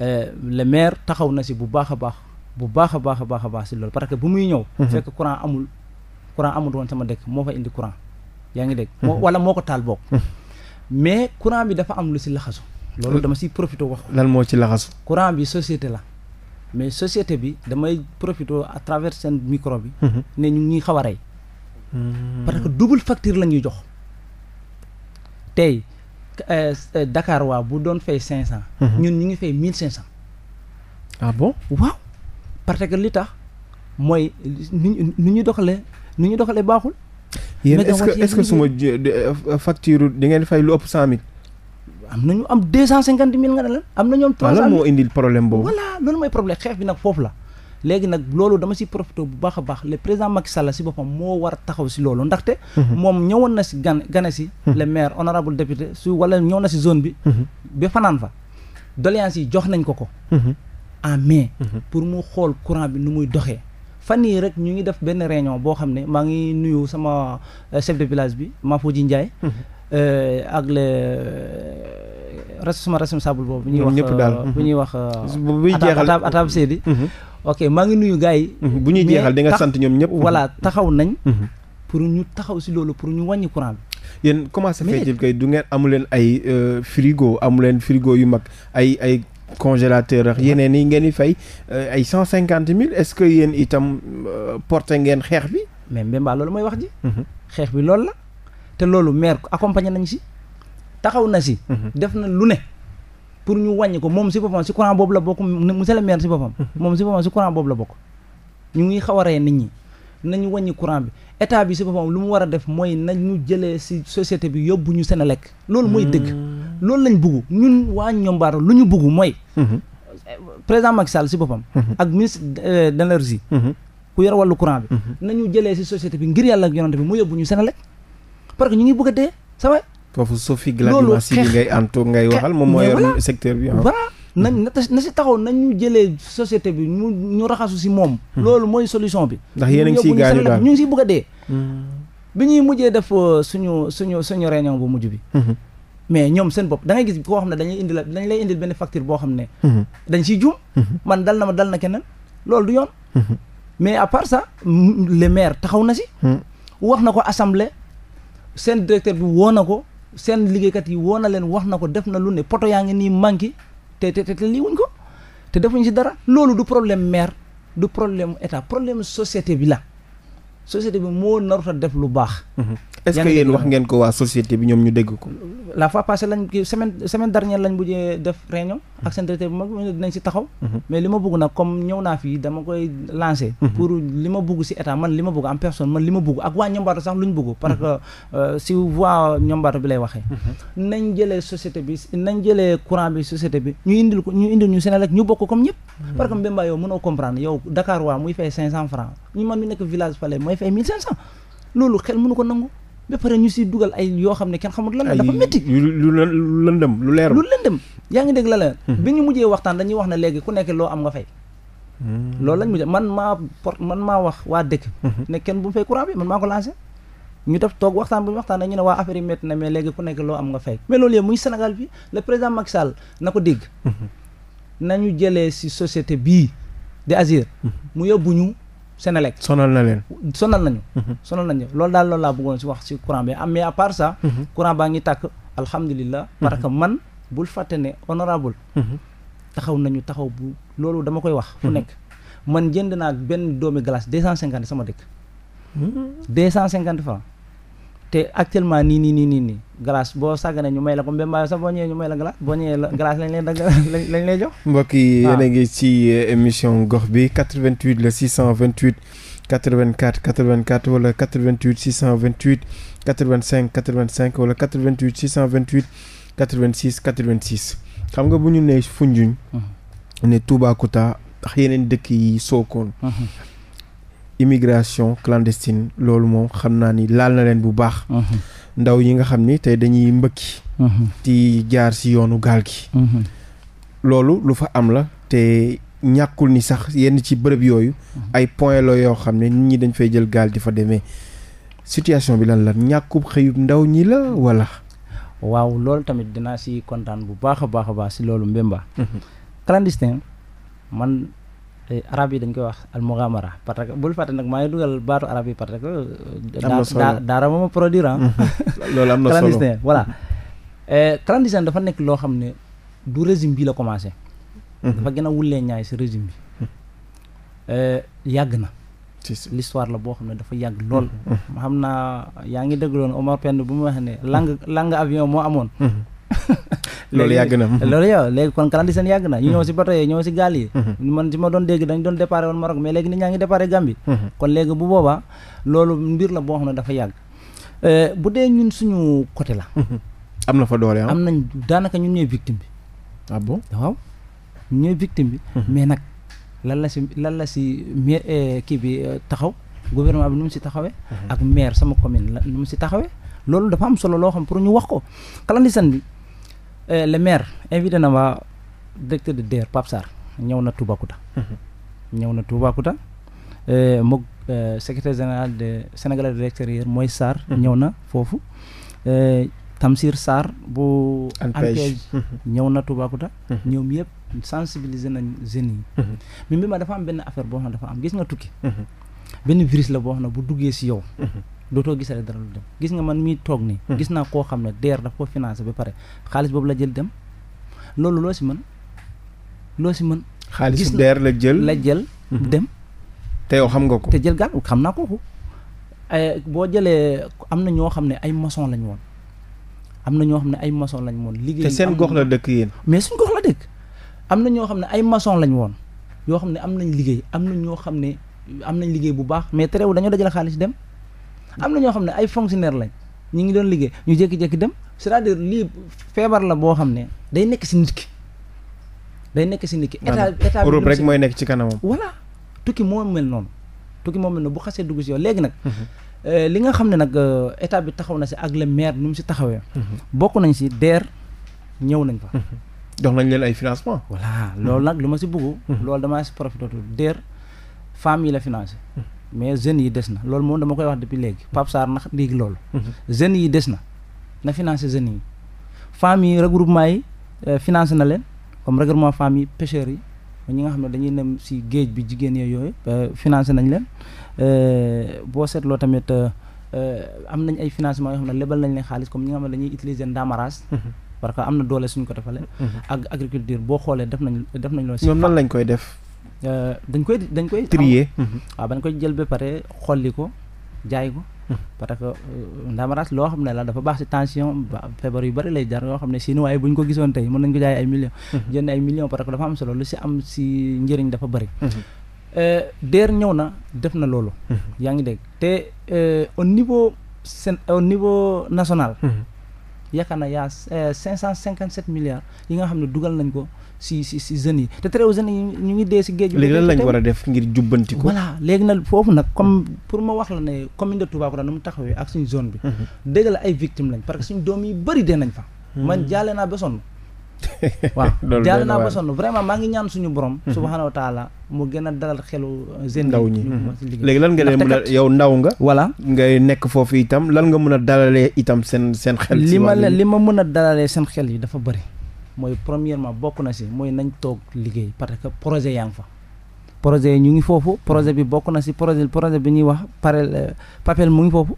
euh, le maire taxaw na si bu baax a baax bu baax a baax a baax baax si loolu parce que bu muy ñëw mhm. fekk courant amul courant amul woon sama dëkk moo fa indi courant yaa ngi dégg moo wala moo ko taal bokk mais courant bi dafa am lu si laxasu loolu euh, dama si profité wax lan moo ci laxasu courant bi société la mais société bi damay profité à travers seen micro bi. Mhm. ne ñu ngi xaw a rey. Hmm. parce que double facture la ñuy jox. tey euh, Dakar waa bu doon fay cent mhm. ñun ñu ngi fay 1500. ah bon waaw. parce que li tax mooy nu ñu ñu doxale nu ñu doxalee baaxul. yéen est-ce que est-ce que suma facture di ngeen fay lu ëpp 100000. am na ñu am deux cent cinquante mille nga ne am na ñoom moo indil problème boobu voilà loolu mooy problème xeex bi nag foofu la léegi nag loolu dama si profité bu baax a baax le président Macky Sall si boppam moo war a taxaw si loolu ndaxte mhm. moom ñëwoon na si gan gane si mhm. le maire honorable député su wala ñëw na si zone bi mhm. ba fanaan fa doléance yi jox nañ ko ko en mai pour mu xool courant bi nu muy doxee fan yii rek ñu ngi def benn réunion boo xam ne maa ngi nuyu sama euh, chef de village bi Mafouji Ndiaye Euh, ak le euh, suma responsable boobu. bu ñuy wax ñëpp euh, mhm. bu ñuy wax. bu buy jeexal atab atab mhm. maa ngi nuyu gars yi. Mhm. bu ñuy jeexal di nga sant ñoom ñëpp. voilà taxaw nañ. pour ñu taxaw si loolu pour ñu wàññi courant bi. yéen comment ça fait kay du ngeen amu leen ay frigo amu leen frigo yu mag ay ay congélateur ak yeneen yi ngeen di fay ay cent cinquante mille est-ce que yéen itam porté ngeen xeex bi. mais Mbemba loolu mooy wax ji. xeex bi loolu la. te loolu maire accompagné nañ si taxaw na si. Mhm. def na lu ne pour ñu wàññi ko moom si boppam si courant boobu la bokk monsieur le maire si mhm. moom si boppam si courant la bokk. ñu ngi xaw a rey nit ñi nañu wàññi courant bi état bi si boppam lu mu war a def mooy nañu jëlee si société bi yóbbu ñu lekk loolu mooy dëgg. Hmm. loolu lañ bugg ñun waa Ñombaar lu ñu bugg mooy. Mhm. président Macky Sall si boppam. ak ministre euh, de l'énergie ku yor wàllu courant bi. nañu jëlee si société bi ngir yàlla ak yonante bi mu yóbbu ñu Senelec. parce que ñu ngi bëgg dee sama. foofu Sophie Gladima Siby ngay antu ngay waxal moom moo yor secteur bi ah. voilà nañ hmm. na si taxaw nañ jëlee société bi ñu ñu raxasu si moom hmm. loolu mooy solution bi ndax yéen a ngi siy gaañu daal ñu ngi siy bëgg dee hmm. bi ñuy mujjee def euh, suñu suñu suñu réunion bu mujj bi mais ñoom seen bopp da gis koo xam ne dañuy indil dañ lay indil benn facture boo xam ne dañ siy juum man dal na ma dal na keneen loolu du yoon mais à part le maire taxaw na si wax na ko assemblée seen directeur bi woo na ko seen liggéeykat yi woo na leen wax na ko def na lu ne poto yaa ngi nii manqué te te te lii wuñ ko te defuñ ci dara loolu du problème maire du problème état problème société bi la société bi moo narut a def lu baax. Mhm. est-ce que yéen wax ngeen ko waa société bi ñoom ñu dégg ko. la fois passée lañ kii semaine semaine dernière lañ mujjee def réunion. Mhm. ak seen directeur bu mag dinañ si taxaw. Mhm. mais li ma bëgg nag comme ñëw naa fii dama koy lancer. pour li ma bugg si état man li ma bëgg en personne man li ma bëgg ak waa Ñombaato sax lu ñu bëgg. parce que euh, si voix Ñombaato bi lay waxee. nañ jëlee société bi nañ jëlee courant bi société bi ñu indil ko ñu indil ñu Senelec ñu bokk comme ñëpp. parce que Mbemba yow mënoo comprendre ñu man mi nekk village Palais mooy fay 1500 loolu xel mënu ko nangu ba pare ñu si dugal ay yoo xam ne kenn xamul lan la dafa métti lu lëndëm lu leerul lu lëndëm yaa ngi dégg la la hmm. bi ñu mujjee waxtaan dañuy wax ne léegi ku nekk loo am nga fay hmm. loolu lañ mujjee man maa port man maa wax waa dëkk hmm. ne kenn bu mu fay courant bi man maa ko lancé ñu def toog waxtaan bu ñu waxtaan ñu ne waa affaire yi métti na mais léegi ku nekk loo am nga fay mais loolu yëpp muy Sénégal bi le président Macky Sall na ko dégg ñu jële si société bii di Azir mu yóbbu ñu Senelec sonal na leen sonal nañu mhm. sonal nañu loolu daal lool laa bëggoon si wax si courant bi am mais à part mhm. courant baa ngi tàkk alhamdulilah mhm. parce que man bul fàtte ne honorable taxaw nañu taxaw bu loolu dama koy wax fu nekk man jënd naa benn doomi glace deux cent cinquante sama dëkk deux cent cinquante francs te actuellement nii nii nii nii nii glace boo sàggane ñu may la ko mbémbaayo sax boo ñëwee ñu may la glace boo ñëwee la glace lañ lay dagg lañ lay jox mbokk yi yéen a ngi ci émission gox bi 88 le 628 84 84 wala 88 628 85 85 wala 88 628 86 86 xam nga bu ñu nee Foundiougne mhm. ne Toubacouta yeneen dëkk yi Sokone mhm. immigration clandestine loolu moom xam naa ni laal na leen bu baax. Mhm. ndaw yi nga xam ni tey dañuy mbëkki. Mhm. di jaar ci yoonu gaal gi. Mhm. loolu lu fa am la te ñàkkul ni sax yenn ci bërëb yooyu. ay point la yoo xam ne nit ñi dañ fay jël gaal di fa demee situation bi lan la ñàkkub xëyub ndaw ñi la walla. waaw loolu tamit dinaa si kontaan bu baax a baax a baax ci loolu Mbemba. clandestin man. Eh, arab yi dañ koy wax al mugamara parce que bul fàtte nag maa ngi dugal baatu arab yi parce que daa daara mooma produire ah mhm. loolu am na solo voilà eh, clandestin dafa nekk loo xam ne du régime bi la commencé mhm. dafa gën a wullee ñaay si régime bi mhm. eh, yàgg na l'histoire la boo xam ne dafa yàgg lool ma xam naa yaa ngi dégloon Omar Pend bu mu wax ne langue langue avion moo amoon loolu yàgg na loolu yow léegi kon kalandi seen yàgg na ñu ñëw mm-hmm. si bato yi ñëw si gaal yi mm-hmm. man si ma doon dégg dañ doon déparé woon Maroc mais léegi nit ñaa ngi déparé Gambie mm-hmm. kon léegi bu boobaa loolu mbir la boo xam ne dafa yàgg euh, bu dee ñun suñu côté la am na fa doole ah? am na daanaka ñun ñooy victime bi ah bon waaw ñooy bi mais nag lan la si lan la si maire euh, kii bi euh, taxaw gouvernement bi nu mu si taxawee ak mair sama commune la nu mu si taxawee loolu dafa am solo loo xam pour ñu wax ko kalandisan bi Euh, le maire invité na ma directeur de DER Pape Sarr ñëw na Toubacouta. Mhm. ñëw na Toubacouta euh, moog euh, secrétaire général de sénégalais de l'extérieur mooy Sarr. Mhm. ñëw na foofu. Tamsir Sarr bu. ANPEJ mhm. ñëw na Toubacouta. ñoom yëpp sensibiliser nañ jeunes yi. mais mbir ma dafa am benn affaire boo xam dafa am gis nga tukki. benn virus la boo xam bu duggee si yow. dootoo gisale dara lu dem gis nga man mii toog nii. Hmm. gis naa koo xam ne deer daf ko financé ba pare xaalis boobu la jël dem loolu loo si man loo si mën. xaalisu DER la jël la jël hmm. dem. te yow xam nga ko te jël gaan xam naa kooku boo jëlee am na ñoo xam ne ay maçon lañ woon am na ñoo xam ne ay maçon lañ woon. liggéey te seen gox la dëkk yéen. mais suñ gox la dëkk am na ñoo xam ne ay maçon lañ woon yoo xam ne am nañ liggéey am na ñoo xam ne am nañ liggéey bu baax mais terewul dañoo dajale xaalis dem. am na ñoo xam ne ay fonctionnaire lañ ñu ngi doon liggéey ñu jékki-jékki dem c'est-à-dire lii feebar la boo xam ne day nekk si nit day nekk si nit ki. état état Europe rek mooy nekk ci kanamam. voilà tukki moo mel noonu tukki moo mel noonu bu xasee dugg si yow léegi nag. Mhm. Euh, li nga xam ne nag euh, état bi taxaw na si ak le maire nu mu si taxawee. Mhm. bokk nañ si DER ñëw nañ fa. Mhm. jox nañ leen ay financement voilà loolu nag lu ma si bëgg. loolu damaa si profité DER femmes yi mais jeunes yi des na loolu moom dama koy wax depuis léegi Pape Sarr léegi loolu. jeunes yi des na na finance jeunes yi. femmes yi regroupement yi euh, financé na leen comme regroupement femmes yi pêcheurs yi ñi nga xam ne dañuy dem si géej bi jigéen yooyu financé nañ leen euh, boo seetloo tamit euh, am nañ ay financement yoo xam ne lebal nañ leen xaalis comme ñi nga xam ne dañuy utiliser ndamaraas mhm. parce que am na doole suñ ko defalee mhm. ak agriculture boo xoolee def nañ def nañ loolu si ñoom nan lañ koy def Euh, dañ koy dañ koy. trier mhm. waaw ba ñu koy jël ba pare xolli ko jaay ko. Mhm. parce que euh, ndamaraas loo xam ne la dafa baax si tension feebar yu bari lay jar xam ne waaye bu ñu ko gisoon tey mën nañ ko jaay ay millions. Mhm. jënd ay millions parce que si am si njëriñ dafa bari. Euh, na def na loolu. yaa ngi dégg te au niveau seen au niveau national. yaakaar na yaa cinq cent cinquante sept milliards yi nga xam ne dugal nañ ko si si si jeunes yi te très jeunes yi ñu ngi dee si géej léegi lan lañ war a def ngir jubbanti ko voilà léegi nag foofu nag comme pour ma wax la ne commune de Toubacouta nu mu taxawee ak bi mhm. dëgg ay victimes lañ parce que suñu doom yi bëri dee nañ fa mhm. man jaale naa ba sonn waaw jaale naa ba vraiment maa ngi ñaan suñu borom mhm. subhaanahu wa taala mu a dalal xelu jeunes ndaw ñi léegi lan nga leen mën a yow nekk foofu itam lan nga mën a dalalee itam seen seen xel li ma li ma mën a dalalee seen xel yi dafa bëri mooy premièrement bokk na si mooy nañ toog liggéey parce que projet yaa fa. projet yi ñu ngi foofu projet bi bokk na si projet projet bi ñuy wax parel papel mu ngi foofu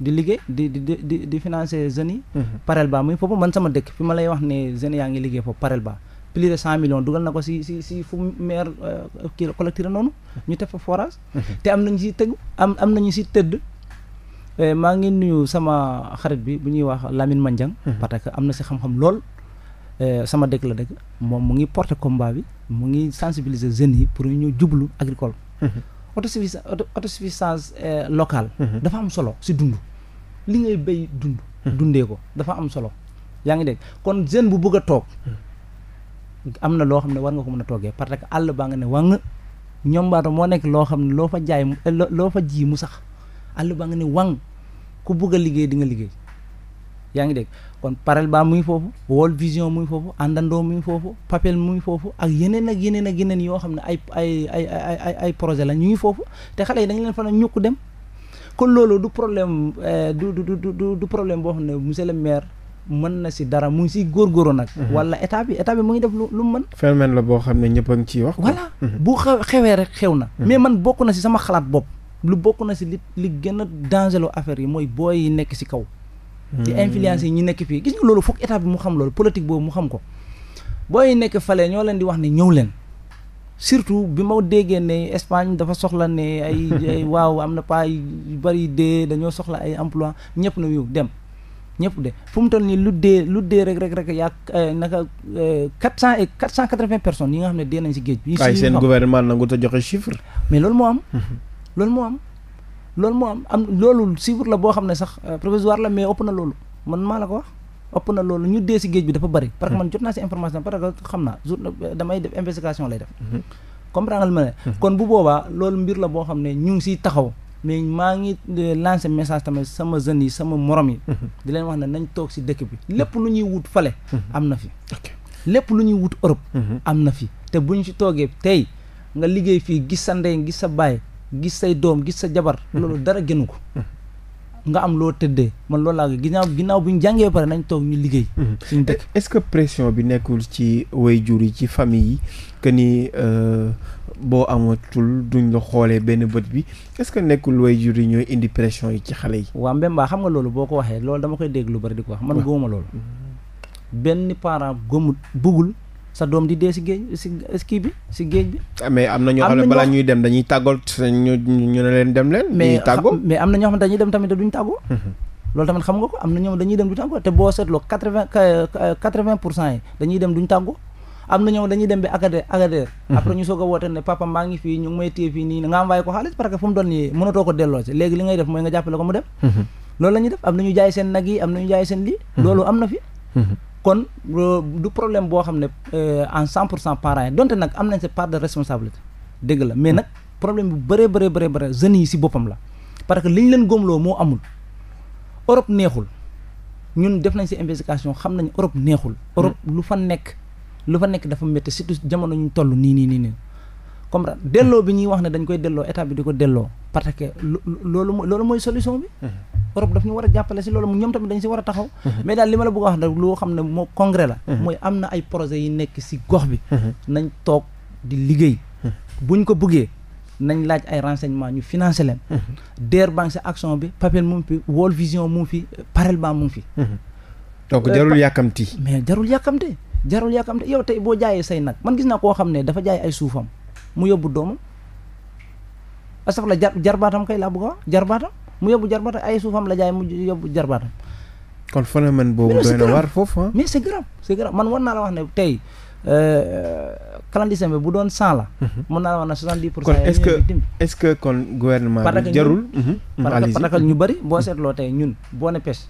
di liggéey di di di di financer jeunes yi. Mhm. parel ba mu ngi foofu man sama dëkk fi ma lay wax ne jeunes yaa ngi liggéey foofu parel ba. plus de cent millions dugal na ko si si si fu maire euh, kii collecteur noonu ñu te fa forage mhm. te am nañu si tëgg am am nañu si tëdd eh, maa ngi nuyu sama xarit bi bu ñuy wax Lamine Mandiang mhm. parce que am na si xam lool Euh, sama dëkk la dëkk moom mu ngi porter combat bi mu ngi sensibiliser jeunes yi pour ñu jublu agricole. Mm-hmm. autosuffisance autosuffisance euh, locale. Mm-hmm. dafa am solo si dund. li ngay béy dund. Mm-hmm. dundee ko dafa am solo. yaa ngi dégg kon jeune bu bëgg a toog. am na loo xam ne war nga ko mun a toogee parce que àll baa nga ne wan ñombaata moo nekk loo xam ne loo fa jaay loo fa ji mu sax àll baa nga ne wàng ku bëgg a liggéey di nga liggéey. yaa ngi dégg kon parel ba muy foofu World Vision muy foofu àndandoo muy foofu papel muy foofu ak yeneen ak yeneen ak yeneen yoo xam ne ay ay ay ay ay projet la ñu ngi foofu te xale yi dañu leen fan na ñukk dem kon loolu du problème eh, du du du du problème boo xam ne monsieur le maire mën na si dara mu ngi si góorgóorlu nag. Mhm. wala état bi état bi mu ngi def lu lu mu mën. phénomène la boo xam ne ñëpp ngi ciy wax. voilà mhm. bu xew xewee rek xew na. Mhm. mais man bokk na si sama xalaat bopp. lu bokk na si li li gën a dangereux affaire yi mooy booy nekk si kaw. ci hmm. influence yi ñu nekk fii gis nga loolu foog état bi mu xam loolu politique boobu mu xam ko booy nekk fale ñoo leen di wax ni ñëw leen surtout bi ma déggee ne Espagne dafa soxla ne ay waaw am na pas yu bari dee dañoo soxla ay emploi ñëpp na yow dem ñëpp de fu mu toll nii lu dee lu dee rek rek rek yaa eh, naka eh, quatre cent et quatre cent quatre vingt personnes yi nga xam ne dee nañ si géej bi. seen gouvernement nangu te joxe chiffre. mais loolu moo am. loolu moo am. loolu moo am am loolu chiffre la boo xam ne sax euh, provisoire la mais ëpp na loolu man maa la ko wax na loolu ñu dee si géej bi dafa bari parce que man jot naa si information parce que xam naa jour euh, damay def investigation lay def mhm. comprendre mhm. kon bu boobaa loolu mbir la boo xam ne ñu ngi siy taxaw mais maa ngi euh, lancé message tamit sama jeunes yi sama morom yi mhm. di leen wax ne nañ toog si dëkk bi lépp lu ñuy wut fale am na fi lépp lu ñuy wut Europe am na fi te bu ñu si toogee tey nga liggéey fii gis sa ndey gis sa baay gis say doom gis sa jabar mhm. loolu dara gënu ko mhm. nga am loo tëddee man loolu laa ginnaaw ginnaaw bi ñu jàngee ba pare nañ toog ñu liggéey mhm. suñu dëkk est-ce que pression bi nekkul ci waajur yi ci famille yi que ni euh, boo amatul duñ la xoolee benn bët bi est-ce que nekkul waajur yi ñooy indi pression yi ci xale yi waaw mbém baa xam nga loolu boo ko waxee loolu dama koy dégg lu bari di ko wax man gëmuma loolu benn parent gëmut bëggul sa doom di dee si géej si ski bi si géej bi. Ah, mais am na ñoo xam ne balaa ñuy dem dañuy tàggool ñu ñu ne leen dem leen. mais am na ñoo dem tamit mhm. Agadeer Agadeer. Mhm. après ñu soog a ne papa maa fii ñu ngi fii nii nga envoyé ko xaalis parce que doon nii mënatoo ko delloo si léegi li ngay def mooy nga jàppale ko mu dem. Mhm. loolu la def am na ñu jaay seen nag yi am na ñu jaay seen lii. loolu am na fi. kon euh, du problème boo xam ne euh, en cent pour cent parent yi donte nag am nañ sa part de responsabilité dëgg la mais nag problème bu bëree bëree bëree bëri jeunes yi si boppam la parce que li ñu leen góomloo moo amul Europe neexul ñun def nañ si investigation xam nañ Europe neexul Europe hmm. lu fa nekk lu fa nekk dafa métti surtout jamono ñu toll nii nii nii nii comme delloo bi ñuy wax ne dañ koy delloo état bi di ko delloo parce que loolu loolu mooy solution bi hmm. Europe daf ñu war a jàppale si loolu ñoom tamit dañ si war a taxaw mhm. mais daal li ma la bëgg a wax nag loo xam ne moo congrès la mhm. mooy am na ay projet yi nekk si gox bi mhm. nañ toog di liggéey buñ ko buggee nañ laaj ay renseignement ñu financé leen DER banque si action bi Papel mu ngi fi World Vision mu ngi fi Parelba mu ngi fi donc jarul euh, yàkkamti mais jarul yàkkamte jarul yàkkamte yow tey boo jaayee say nag man gis naa koo xam ne dafa jaay ay suufam mu yóbbu doomam asaf la jar jarbaatam kay laa bëgg a mu yóbbu jarbaatam ay suufam la jaay mu yóbbu jarbaatam. kon phénomène boobu doy na war foofu ah. mais c'est grave c'est man war naa wax ne tey euh, clandestin bi bu doon cent la. mën mhm. naa la wax ne soixante dix pour cent. kon est-ce que est-ce que kon gouvernement bi mhm. Mhm. ñu bari boo seetloo tey ñun boo ne pêche.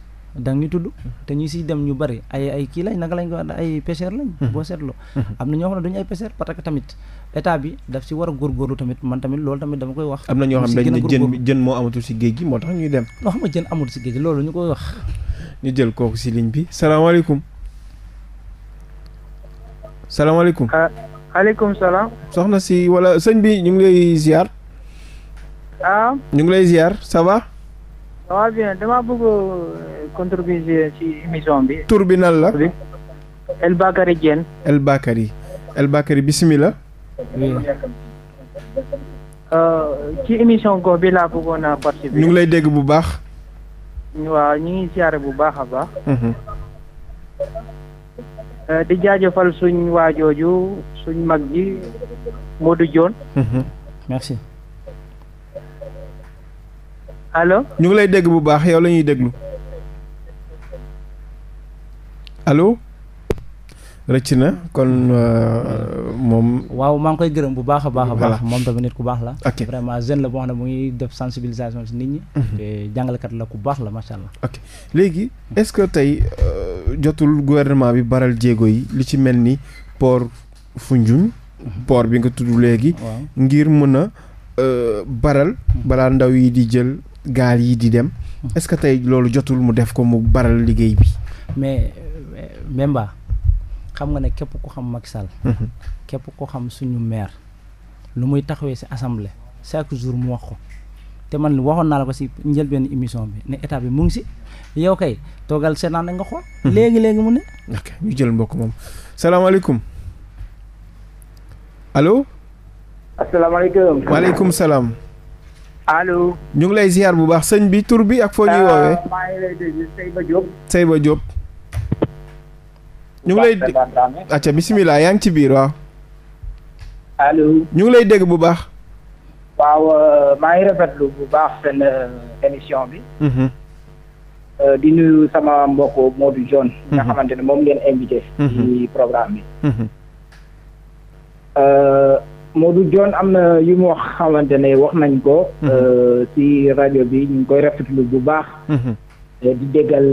da ñu tudd te ñu siy dem ñu bari ay ay kii lañ naka lañ ko ay pêcheurs lañ. boo seetloo. am na ñoo xam ne duñu ay pêcheurs parce que tamit état bi daf si war a góorgóorlu tamit man tamit loolu tamit dama koy wax. am na ñoo xam ne dañ ne jën jën moo amatul si géej gi moo tax ñuy dem. loo xam ne jën amatul si géej gi loolu ñu koy wax. ñu jël kooku si ligne bi salaamaaleykum. salaamaaleykum. Ah, aleykum salaam. soxna si walla sëñ bi ñu ngi lay ziar. ah. ñu ngi lay ziar ça va. ça bëgg euh, contribuer ci émission bi. tur bi nan la. El Bakary Diène. El Bakary El Bakary bisimilah. Euh, ci émission gox bi laa bëggoon a ñu ngi lay dégg bu baax. waaw ñu ngi siyaare bu baax a baax. Mhm. Euh, di jaajëfal suñ waajooju suñ mag ji Modou Dione. Mhm. merci. allo. ñu ngi lay dégg bu baax yow lañuy ñuy déglu allo. rëcc na kon euh, moom. waaw maa ngi koy gërëm bu baax a baax a baax. moom tamit nit ku baax la. ok vraiment jeune la boo xam ne mu ngi def sensibilisation ci nit ñi. Mhm. te jàngalekat la baax la macha allah. ok léegi est-ce que tey euh, jotul gouvernement bi baral jéego yi li ci mel ni port Foundiougne. Mhm. port bi nga tudd léegi. ngir mën a euh, baral. Mhm. balaa ndaw yi di jël gaal yi di dem. est-ce que tey loolu jotul mu def ko mu baral liggéey bi. mais Memba. xam nga ne képp ko xam Macky Sall mhm. képp ku xam suñu maire lu muy taxawee si assemblée chaque jour mu wax ko te man waxoon naa la ko si njëlbeen émission bi ne état bi mu ngi si yow kay toogal seetaan na nga xool. Mhm. léegi léegi mu ne. ok ñu jël mbokk moom salaamaaleykum allo. asalaamaaleykum. waaleykum salaam. allo. ñu ngi lay ziar bu baax sëñ bi tur bi ak foo ñuy ah, woowee. maa ngi lay dégg Seyba Diop. ñu ngi lay bisimilah yaa ngi ci biir waaw. allo. dégg bu baax. waaw euh, maa ngi rafetlu bu baax seen euh, émission bi. Mm-hmm. Euh, di nuyu sama mbokk Modou John. Mm-hmm. nga xamante ne moom ngeen invité. Mm-hmm. ci programme bi. Modou John am na yu mu wax xamante ne wax nañ ko. ci rajo bi ñu ngi koy rafetlu bu baax. di déggal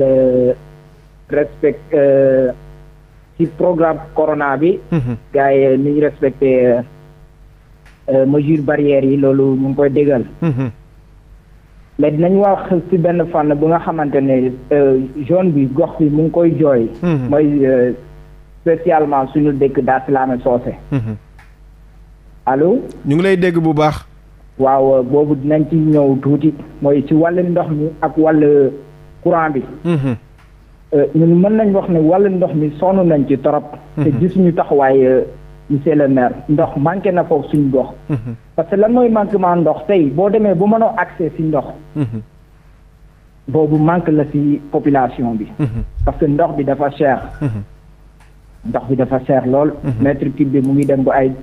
respect. ci programme corona bi. Mhm. gars yi ni ñu respecté euh, euh, mesures barrières yi loolu ñu ngi koy déggal. Mhm. mais dinañ wax ci benn fànn bu nga xamante ne zone euh, bi gox bi mu ngi koy jooy. Mhm. mooy spécialement suñu dëkk daa silaame soose. allo. ñu ngi lay dégg bu baax. waaw boobu dinañ ci ñëw tuuti mooy ci wàllu ndox mi ak wall courant bi. Euh, ñun mën nañ wax ne walla ndox mi sonn nañ ci torop mhm. te gisuñu ñu euh, monsieur le maire ndox manqué na foofu suñu gox mhm. parce que lan mooy manquement ndox tey boo demee bu mënoo accès si ndox mhm. boobu manque la si population bi parce que ndox bi dafa cher ndox bi dafa cher lool mètre cube bi mu ngi dem bu ay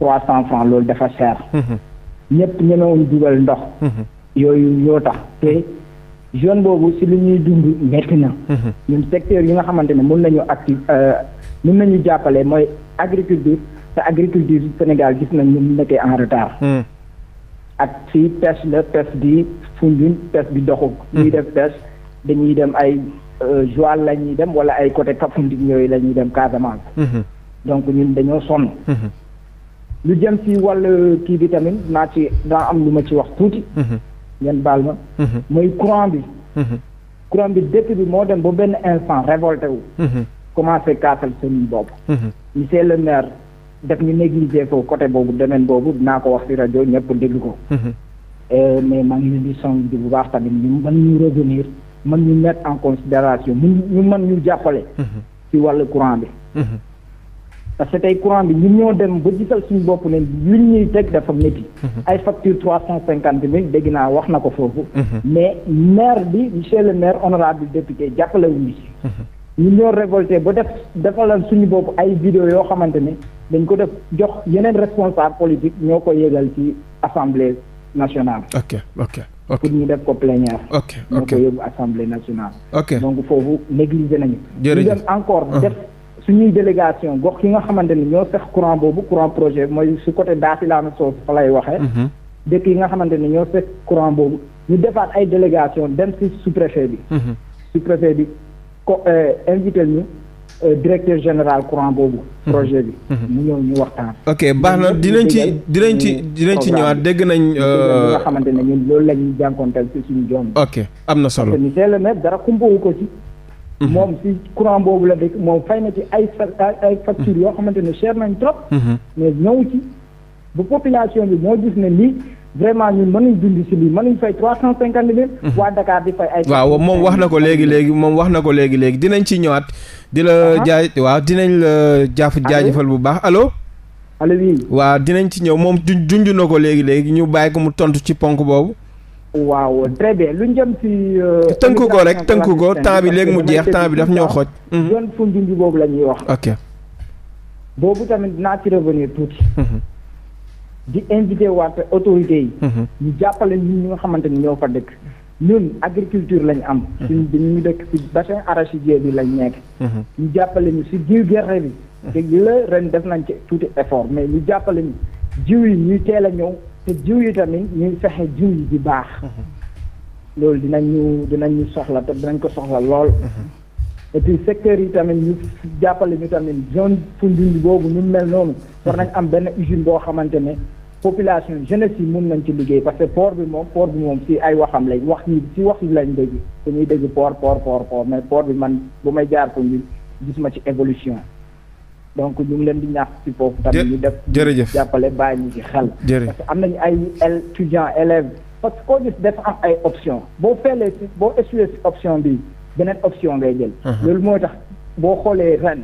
trois cent francs loolu dafa cher ñëpp ñemewuñ dugal ndox yooyu yoo tax te jeune boobu si li ñuy dund metti na. Mhm. ñun secteurs yi nga xamante ne mun nañu acti euh, mun nañu jàppale mooy agriculture te agriculture Sénégal gis nañ ñu nekkee en retard. Mhm. ak si pêche la pes bi Foundiougne pêche bi doxu mhm. ñuy def pêche dañuy dem ay euh, Joal lañuy dem wala ay côté Kafountine yooyu la ñuy dem Casamance. donc ñun dañoo sonn. lu jëm si wàllu kii bi tamit naa ci daa am lu ma ci wax tuuti. ngeen baal ma. mooy mhm. courant bi. Mhm. courant bi dëkk bi moo dem ba benn instant révolté wu. Mhm. commencé kaasal seen bopp. monsieur le maire def ñu négligé ko côté boobu domaine boobu naa ko wax ci rajo ñëpp dégg ko. Euh, mais maa ngi leen di bu baax tamit ñu mën ñu revenir mën ñu mettre en considération ñu mën ñu jàppale. ci wàllu courant bi. parce que tey courant bi ñun ñoo dem ba gisal suñu bopp ne luñ ñuy teg dafa métti. Mhm. ay facture trois cent cinquante mille dégg naa wax na ko foofu. Mhm. mais maire bi monsieur le maire honorable député jàppale wuñu si. Mhm. ñun ñoo révolté ba def defalal suñu bopp ay vidéo yoo xamante ne dañ ko def jox yeneen responsable politique ñoo ko yégal ci assemblée nationale. ok ok. ok pour ñu def ko plénière. ok ok ñoo ko yóbbu assemblée nationale. ok donc foofu négliger nañu. ñu dem encore suñuy délégation gox yi nga xamante ni ñoo fex courant boobu courant projet mooy su côté Daafilaana Sow fa lay waxee. Mm-hmm. dëkk yi nga xamante ni ñoo fex courant boobu ñu defaat ay délégation dem si sous-préfet bi. Mm-hmm. sous-préfet bi ko euh, invité ñu. Euh, directeur général courant boobu. Mm-hmm. projet bi. mu ñëw ñu waxtaan. ok baax na dinañ ci dinañ ci dinañ ci ñëwaat dégg nañ. Euh, xamante ne ñun loolu la ñuy jànkonteel ci suñu joom. ok am na solo. parce que monsieur le maire dara ko Mhm. moom ci courant boobu la dëkk moom fay na ci ay ay facture mhm. yoo xamante ne cher nañ trop. Mhm. mais ñëw ci bu population bi moo gis ne nii vraiment ñun mënuñ dund si lii mënuñ fay trois cent cinquante mille. waa Dakar di fay ay. waaw moom wax na ko léegi léegi moom wax na ko léegi léegi dinañ ci ñëwaat. di la uh-huh. jaay waaw dinañ la jaaf jaajëfal bu baax allo. allo oui. waaw dinañ ci ñëw moom junj na ko léegi léegi ñu bàyyi ko mu tontu ci ponk boobu. waaw très bien lu ñu jëm ci. Euh, tënku ko rek tënku ko temps bi léegi mu jeex temps bi daf ñoo xooj. yoon fundum bi boobu la ñuy wax. ok boobu tamit dinaa ci revenir tuuti. Mhm. di invité waat autorité yi. ñu mhm. jàppale ñun ñi nga xamante ni ñoo fa dëkk. ñun agriculture lañ am. suñ mhm. dëkk ci bassin arachidier bi lañ nekk. ñu jàppale ñu ci jiw gerte bi. te la ren def nañ ci tuuti effort mais ñu jàppale ñu jiw yi ñuy teel a ñëw. te jiw yi tamit ñuy fexe jiw yi di baax loolu dinañu dinañu soxla te dinañ ko soxla lool mm-hmm. et puis secteur yi tamit ñu jàppale ñu tamit zone Foundiougne boobu ñu mel noonu war nañ am benn usine boo xamante ne population jeunesse yi mun nañ ci liggéey parce que port bi moom port bi moom si ay waxam lañ wax ñi si wax yi lañ dégg dañuy dégg port port port port mais port bi man bu may jaar Foundiougne gis ma ci évolution donc ñu ngi leen di ñaax ci foofu tamit ñu def jërëjëf jàppale bàyyi ñu ci xel parce que am nañu ay étudiants élèves parce que koo gis dafa am ay option boo feelee ci boo essuyé ci option bi beneen option ngay jël uh-huh. loolu mooy tax boo xoolee ren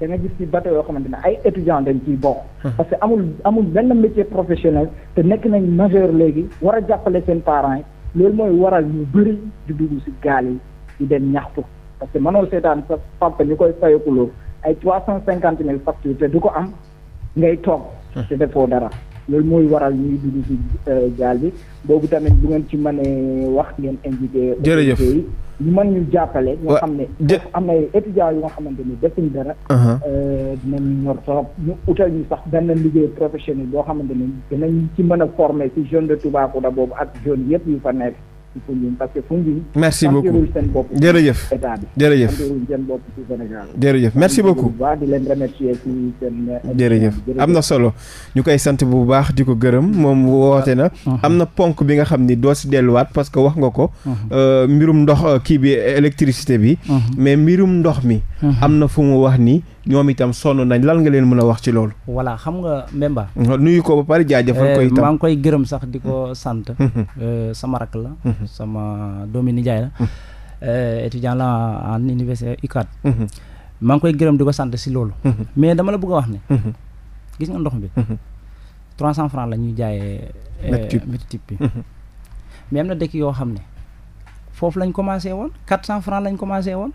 da nga gis ci bate yoo xamante ne ay étudiants dañ ciy bokk uh-huh. parce que amul amul benn métier professionnel te nekk nañ majeur léegi war a jàppale seen parent yi loolu mooy waral ñu bëri di dugg si gaal yi di dem ñaxtu parce que mënoo seetaan sa papa ñu koy fayekuloo ay trois cent cinquante mille facture te du ko am ngay toog te defoo dara loolu mooy waral ñuy dugg ci jaal euh, bi boobu tamit bu ngeen ci mënee wax ngeen invité jërëjëf yi ñu mën ñu jàppale ñoo xam ne am na étudiants yu nga xamante ni defuñ dara uh-huh. euh, dinañ ñor trop ñu utal ñu sax benn liggéey professionnel boo xamante ni dinañ ci mën a former ci jeune de Toubacouta boobu ak jeune yëpp yu fa nekk ci Foundiougne parce que Foundiougne. merci beaucoup jërëjëf jërëjëf jërëjëf merci beaucoup. jërëjëf am na solo ñu koy sant bu baax di ko gërëm moom woote na. Uh-huh. am na ponk bi nga xam ni doo si delluwaat parce que wax nga ko. Uh-huh. Euh, mbirum ndox euh, kii bi électricité bi. Uh-huh. mais mbirum ndox mi. am na fu mu wax ni. ñoom itam sonn nañ lan nga leen mën a wax ci loolu. voilà xam nga Mbemba. nuyu ko ba pare jaajëfal ko eh, itam maa ngi koy gërëm sax di ko mm-hmm. sant. Mm-hmm. Eh, sama rakk la. Mm-hmm. sama doomi nijaay la. Eh, étudiant la en université UCAD. maa ngi koy gërëm di ko sant si loolu. mais dama la bëgg a wax ne. gis nga ndox bi. 300 francs la ñuy jaayee. mètre type bi. mais am na dëkk yoo xam ne foofu lañ commencé woon 400 francs lañ commencé woon.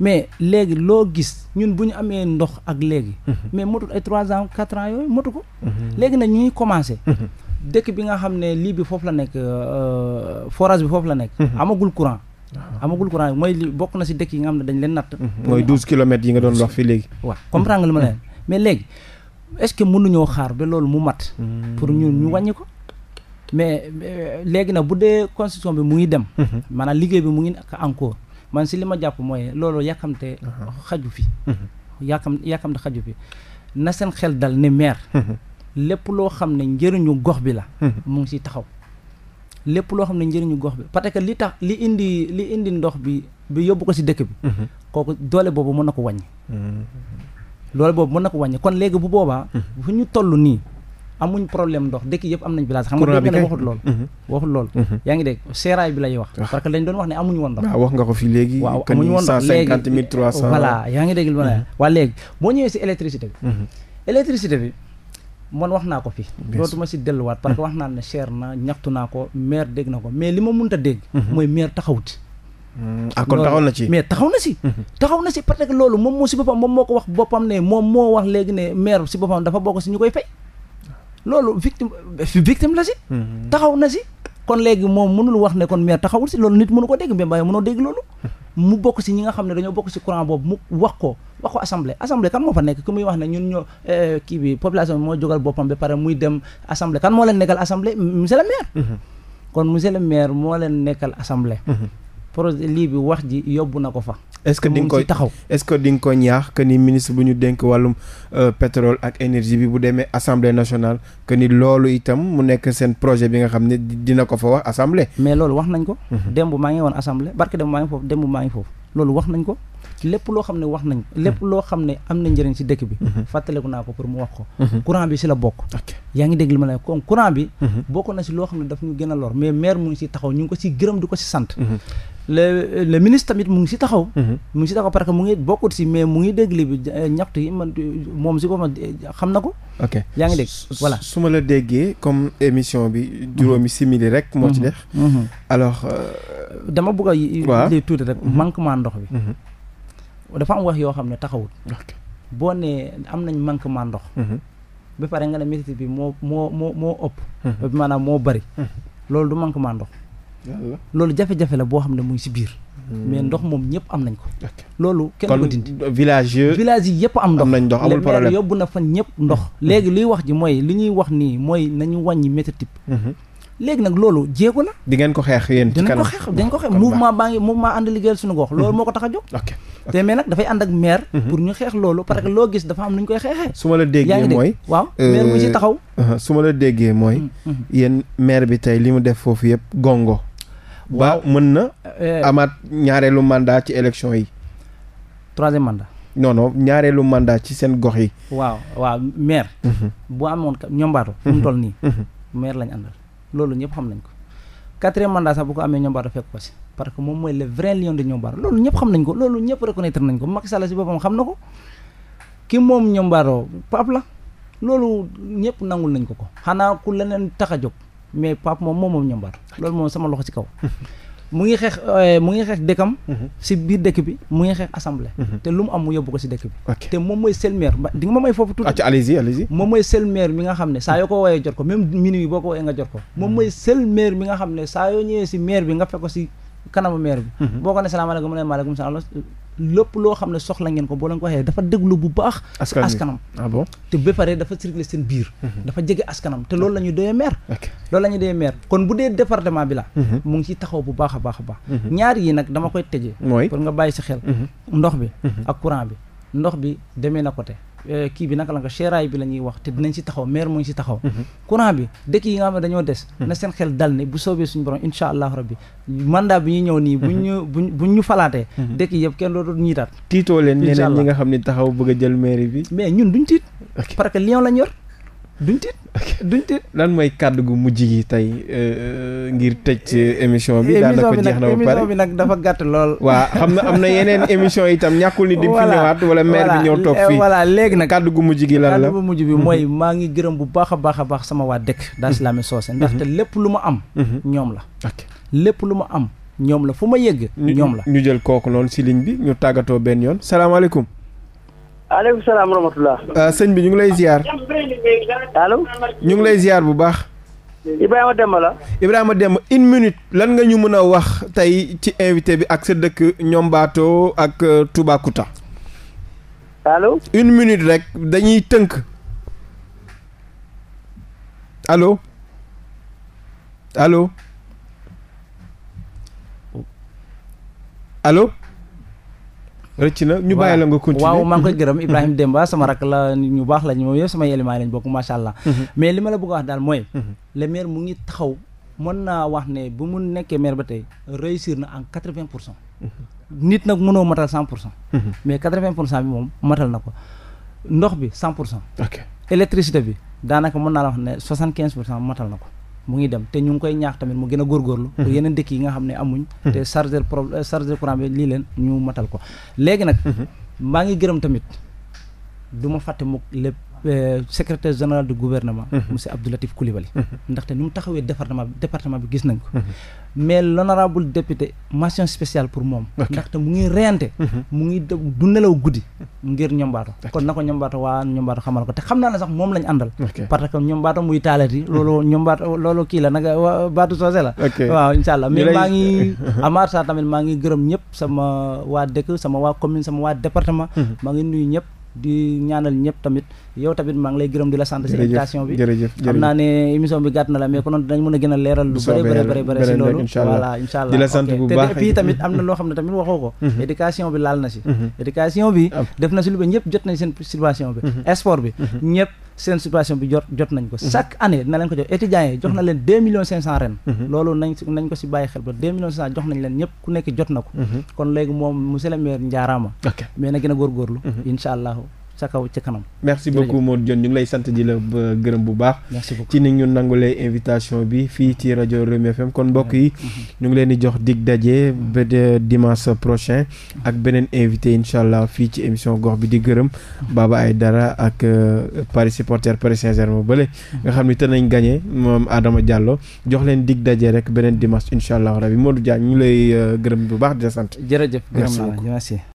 mais léegi loo gis ñun bu ñu amee ndox ak léegi. Mhm. mais motul ay trois ans quatre ans yooyu motu ko. Mhm. léegi nag ñu ngi commencé. Mhm. dëkk bi nga xam ne lii bi foofu la nekk euh, forage bi foofu la nekk. amagul courant. Ah. amagul courant mooy li bokk na si dëkk yi nga xam ne dañ leen natt. mooy douze kilomètres yi nga doon wax fii léegi. waaw comprendre nga ma leen mais léegi est-ce que mënuñoo xaar ba loolu mu mat. pour ñun ñu wàññi ko. mais léegi nag bu dee constitution bi mu ngi dem. maanaam liggéey bi mu ngi encore. man si li ma jàpp mooy loolu yàkkamte uh-huh. xaju fi uh-huh. yàkkam yàkkamte xaju fi na seen xel dal ne maire uh-huh. lépp loo xam ne njëriñu gox bi la mu ngi si taxaw lépp loo xam ne njëriñu gox bi parce que li tax li indi li indi ndox bi bi yóbbu ko si dëkk bi kooku doole boobu mën na ko wàññi doole boobu mën na ko wàññi kon léegi bu boobaa fu ñu toll nii amuñ problème ndox dëkk yëpp am nañ village xam nga dégg nga waxut lool mhm. waxut lool mhm. yaa ngi dégg seeraay bi lay wax ah. parce que dañ doon wax ne amuñ woon ndox ah, wax nga ko fii léegi waaw amuñ woon ndox léegi cent cinquante mhm. waa léegi boo ñëwee si électricité bi électricité bi wax naa ko fii dootuma si delluwaat parce que wax naa ne cher na ñaxtu naa ko maire dégg na ko mais li ma munta dégg mooy maire taxawuti mm, ah kon taxaw na ci mais taxaw na si taxaw na si parce que loolu moom si boppam moom moo ko wax boppam ne moom moo wax léegi ne maire si boppam dafa bokk si ñu koy fay loolu victime victime la si. Mhm. taxaw na si. kon léegi moom mënul wax ne kon maire taxawul si loolu nit mënu ko dégg mbay mënoo dégg loolu. mu bokk si ñi nga xam ne dañoo bokk si courant boobu mu wax ko wax ko assemblée assemblée kan moo fa nekk ku muy wax ne ñun ñoo eh, kii bi population bi moo jógal boppam bi pare muy dem assemblée kan moo leen nekkal assemblée monsieur le maire. Mhm. kon monsieur le maire moo leen nekkal assemblée. Mhm. projet lii bi wax ji yóbbu na ko fa. est-ce que di nga ko taxaw est-ce que di nga ko ñaax que ni ministre bu ñu dénk wàllum euh, pétrole ak énergie bi bu demee assemblée nationale que ni loolu itam mu nekk seen projet bi nga xam ne dina ko fa wax assemblée. mais loolu wax nañ ko. Mhm. démb maa ngi woon assemblée barke démb maa ngi foofu démb maa lépp loo xam ne wax nañ mhm. lépp loo xam ne am na njëriñ si dëkk bi mhm. fàttaliku naa ko pour mu wax ko courant bi si la bokk yaa ngi dégg li ma la kon courant bi bokk na si loo xam ne daf ñu gën a lor mais maire ñu ngi ko si gërëm ko si le le ministre tamit mu ngi si taxaw. Mhm. mu ngi si taxaw parce que mu ngi bokkut si mais mu ngi dégg li bi eh, ñaxtu yi man moom si ko man eh, xam na ko. ok yaa ngi dégg voilà. su ma la déggee comme émission bi. juróomi simili rek. moo ci mhm. def. Mhm. alors. Euh, dama bëgg a. waaw lii manquement ndox bi. dafa am wax yoo xam ne taxawul. boo nee am nañ manquement ndox. ba pare nga ne ministre bi moo moo moo moo ëpp. maanaam moo bari. loolu du manquement ndox. loolu jafe-jafe la boo xam ne mu si biir. Hmm. mais ndox moom ñëpp am nañ ko. loolu kenn ko dindi village yi. village yëpp am ndox am nañ ndox amul problème yóbbu na fan ñëpp ndox. Hmm. léegi wax ji mooy li ñuy wax nii mooy nañu wàññi métti type. Hmm. léegi nag loolu jéego la. di ngeen ko xeex yéen ci kanam dinañ ko baa ngi mouvement ànd liggéeyal suñu gox. loolu moo ko tax a jóg. te mais nag dafay ànd ak maire. pour ñu xeex loolu parce que loo gis dafa am nu ñu koy xeexee. su ma la déggee mooy waaw euh, maire bu uh-huh. bi tey li mu def foofu yëpp gongo waaw mën na. Eh. amaat ñaareelu mandat ci élection yi. troisième mandat. non ñaareelu mandat ci seen gox yi. waaw waaw maire. Mhm. bu amoon ñombaatu. fu mu mhm. toll nii. Mhm. maire lañ àndal loolu ñëpp xam nañ ko. quatrième mandat sax bu ko amee ñombaatu fekk ko si parce que moom mooy le vrai lion de ñombaatu loolu ñëpp xam nañ ko loolu ñëpp reconnaître nañ ko Macky Sall si boppam xam na ko ki moom ñombaatoo Pape la loolu ñëpp nangul nañ ko ko xanaa ku leneen tax a jóg. mais Pape moom moom moom ñambaar loolu moom sama loxo ci kaw. mu ngi xeex euh, mu ngi xeex dëkkam. Mhm. si biir dëkk bi mu ngi xeex assemblée. Mhm. te lu mu am mu yóbbu ko si dëkk bi. te moom mooy seul maire ba di nga ma may ah, mi nga xam ne saa yoo ko woowee jot ko même minuit yi boo ko woowee nga jot ko. moom mooy mhm. seul maire mi nga xam ne saa yoo ñëwee si maire bi nga fekk ko si kanamu maire bi. boo ko ne salaamaaleykum mu ne salaam lépp loo xam ne soxla ngeen ko boo leen ko waxee dafa déglu bu baax askanam ah bon te ba pare dafa circulé seen biir mhm. dafa jege askanam te loolu la ñuy doyee maire loolu la ñuy doyee maire kon bu dee département bi la mhm. mu ngi ciy taxaw bu baax a baax a baax mhm. ñaar yi nag dama koy tëjee pour nga bàyyi si xel ndox bi ak courant bi ndox bi demee na côté euh, kii bi naka la ko séeraay bi la ñuy wax te dinañ si taxaw maire moo ngi si taxaw mhm. courant bi dëkk yi nga xam ne dañoo des mhm. na seen xel dal ne bu soobee suñu borom incha allahu rabbi mandat bi ñu ñëw nii buñ mhm. ñu buñ buñ ñu falaatee dëkk yëpp kenn dootul ñiitaat tiitoo leen ñeneen ñi nga xam ne taxaw bëgg a jël mairie bi mais ñun duñ tiit parce que lion lañ yor duñ tiit duñ tiit lan mooy kàddu gu mujj gi tey euh, ngir tëj émission bi. daanaka jeex na ba pare émission bi nag dafa gàtt lool. waa xam na am na yeneen émission itam ñàkkul ni. di fi ñëwaat wala maire bi ñëw toog eh, fii. voilà léegi nag kàddu gu mujj gi lan la. kàddu gu mujj bi mooy mhm. maa ngi gërëm bu baax a baax a baax sama waa dëkk. daa mhm. si laa mi soose mhm. ndaxte lépp lu ma am. ñoom la. lépp lu ma am ñoom la fu ma yëgg. ñoom la ñu jël kooku noonu si ligne bi ñu tàggatoo benn yoon salaamaaleykum. aleykum salaam wa rahmatulah. Euh, sëñ bi ñu ngi lay ziar. allo. ñu ngi lay ziar bu baax. Ibrahima Demba la. Ibrahima Demba une minute lan nga ñu mën a wax tey ci invité bi ak sa dëkk Niombato ak euh, Toubacouta. allo. une minute rek dañuy tënk. allo. allo. allo. rëcc na ñu bàyyi la nga continuer waaw maa ngi koy gërëm Ibrahima Demba sama rakk la ñu baax lañ moom yëpp samay éléments lañ bokk macha allah. Mhm. mais li ma la bëgg a wax daal mooy. Mhm. le mu ngi taxaw mën naa wax ne bu mu nekkee maire ba tey réussir na en quatre vingt pour cent. Mhm. nit nag mënoo matal cent pour mais quatre vingt pour cent bi moom matal na ko ndox bi cent pour cent. ok électricité bi daanaka mën naa la wax ne soixante quinze pour cent matal na ko. mu ngi dem te ñu ngi koy ñaax tamit mu gën a góorgóorlu pour mm-hmm. yeneen dëkk yi nga xam ne amuñ mm-hmm. te chargeur problème euh, chargeur courant bi lii leen ñu matal ko léegi nag mm-hmm. maa ngi gërëm tamit duma ma fàtte mukk lépp Euh, secrétaire général du gouvernement. Mhm. monsieur Abdoulatif Coulibaly. Mhm. ndaxte ni mu taxawee département département bi gis nañ ko. Mhm. mais l'honorable député mention spéciale pour moom. ndaxte mu ngi reyante. mu ngi du nelaw guddi ngir ñombaato kon na ko ñombaato waa ñombaato xamal ko te xam naa ne sax moom lañ àndal. parce que ñombaato muy taalati loolu ñombaato loolu kii la nag baatu soose la. waaw incha allah mais maa ngi Amar Sarr tamit maa ngi gërëm ñëpp sama waa dëkk sama waa commune sama waa yow tamit maa ngi lay gërëm di la sant si invitation bi jërëjëf xam naa ne émission bi gàtt na la mais konoon dinañ mën a gën a leeral lu bëri bëri bëri bëri si loolu voilà incha allah di la sant bu baax te puis tamit am na loo xam ne tamit waxoo ko mhm. éducation bi laal na si mhm. éducation bi ah. def na si lu ba ñëpp jot nañ seen situation bi mhm. sport bi ñëpp seen situation bi jot jot nañ ko chaque année dina leen ko jox étudiants yi jox na leen deux millions cinq cent ren loolu nañ nañ ko si bàyyi xel ba deux millions cinq cent jox nañ leen ñëpp ku nekk jot na ko kon léegi moom monsieur le maire njaaraama mais na gën a góorgóorlu incha allahu sa kaw ca kanam. merci beaucoup Modou Dione ñu ngi lay sant di la gërëm bu baax. merci ci ni ñu nangulee invitation bi fii ci rajo Rewmi FM kon mbokk yi. Mhm. ñu ngi leen di jox dig daje ba dimanche prochain. ak beneen invité incha allah fii ci émission gox bi di gërëm. ay dara ak euh, Paris supporter Paris Saint-Germain bële. Mhm. nga xam ni te nañ gagné moom Adama Diallo jox leen dig daje rek beneen dimanche incha allah moo du Diagne ñu ngi lay euh, gërëm bu baax di la sant. jërëjëf gërëm naa la merci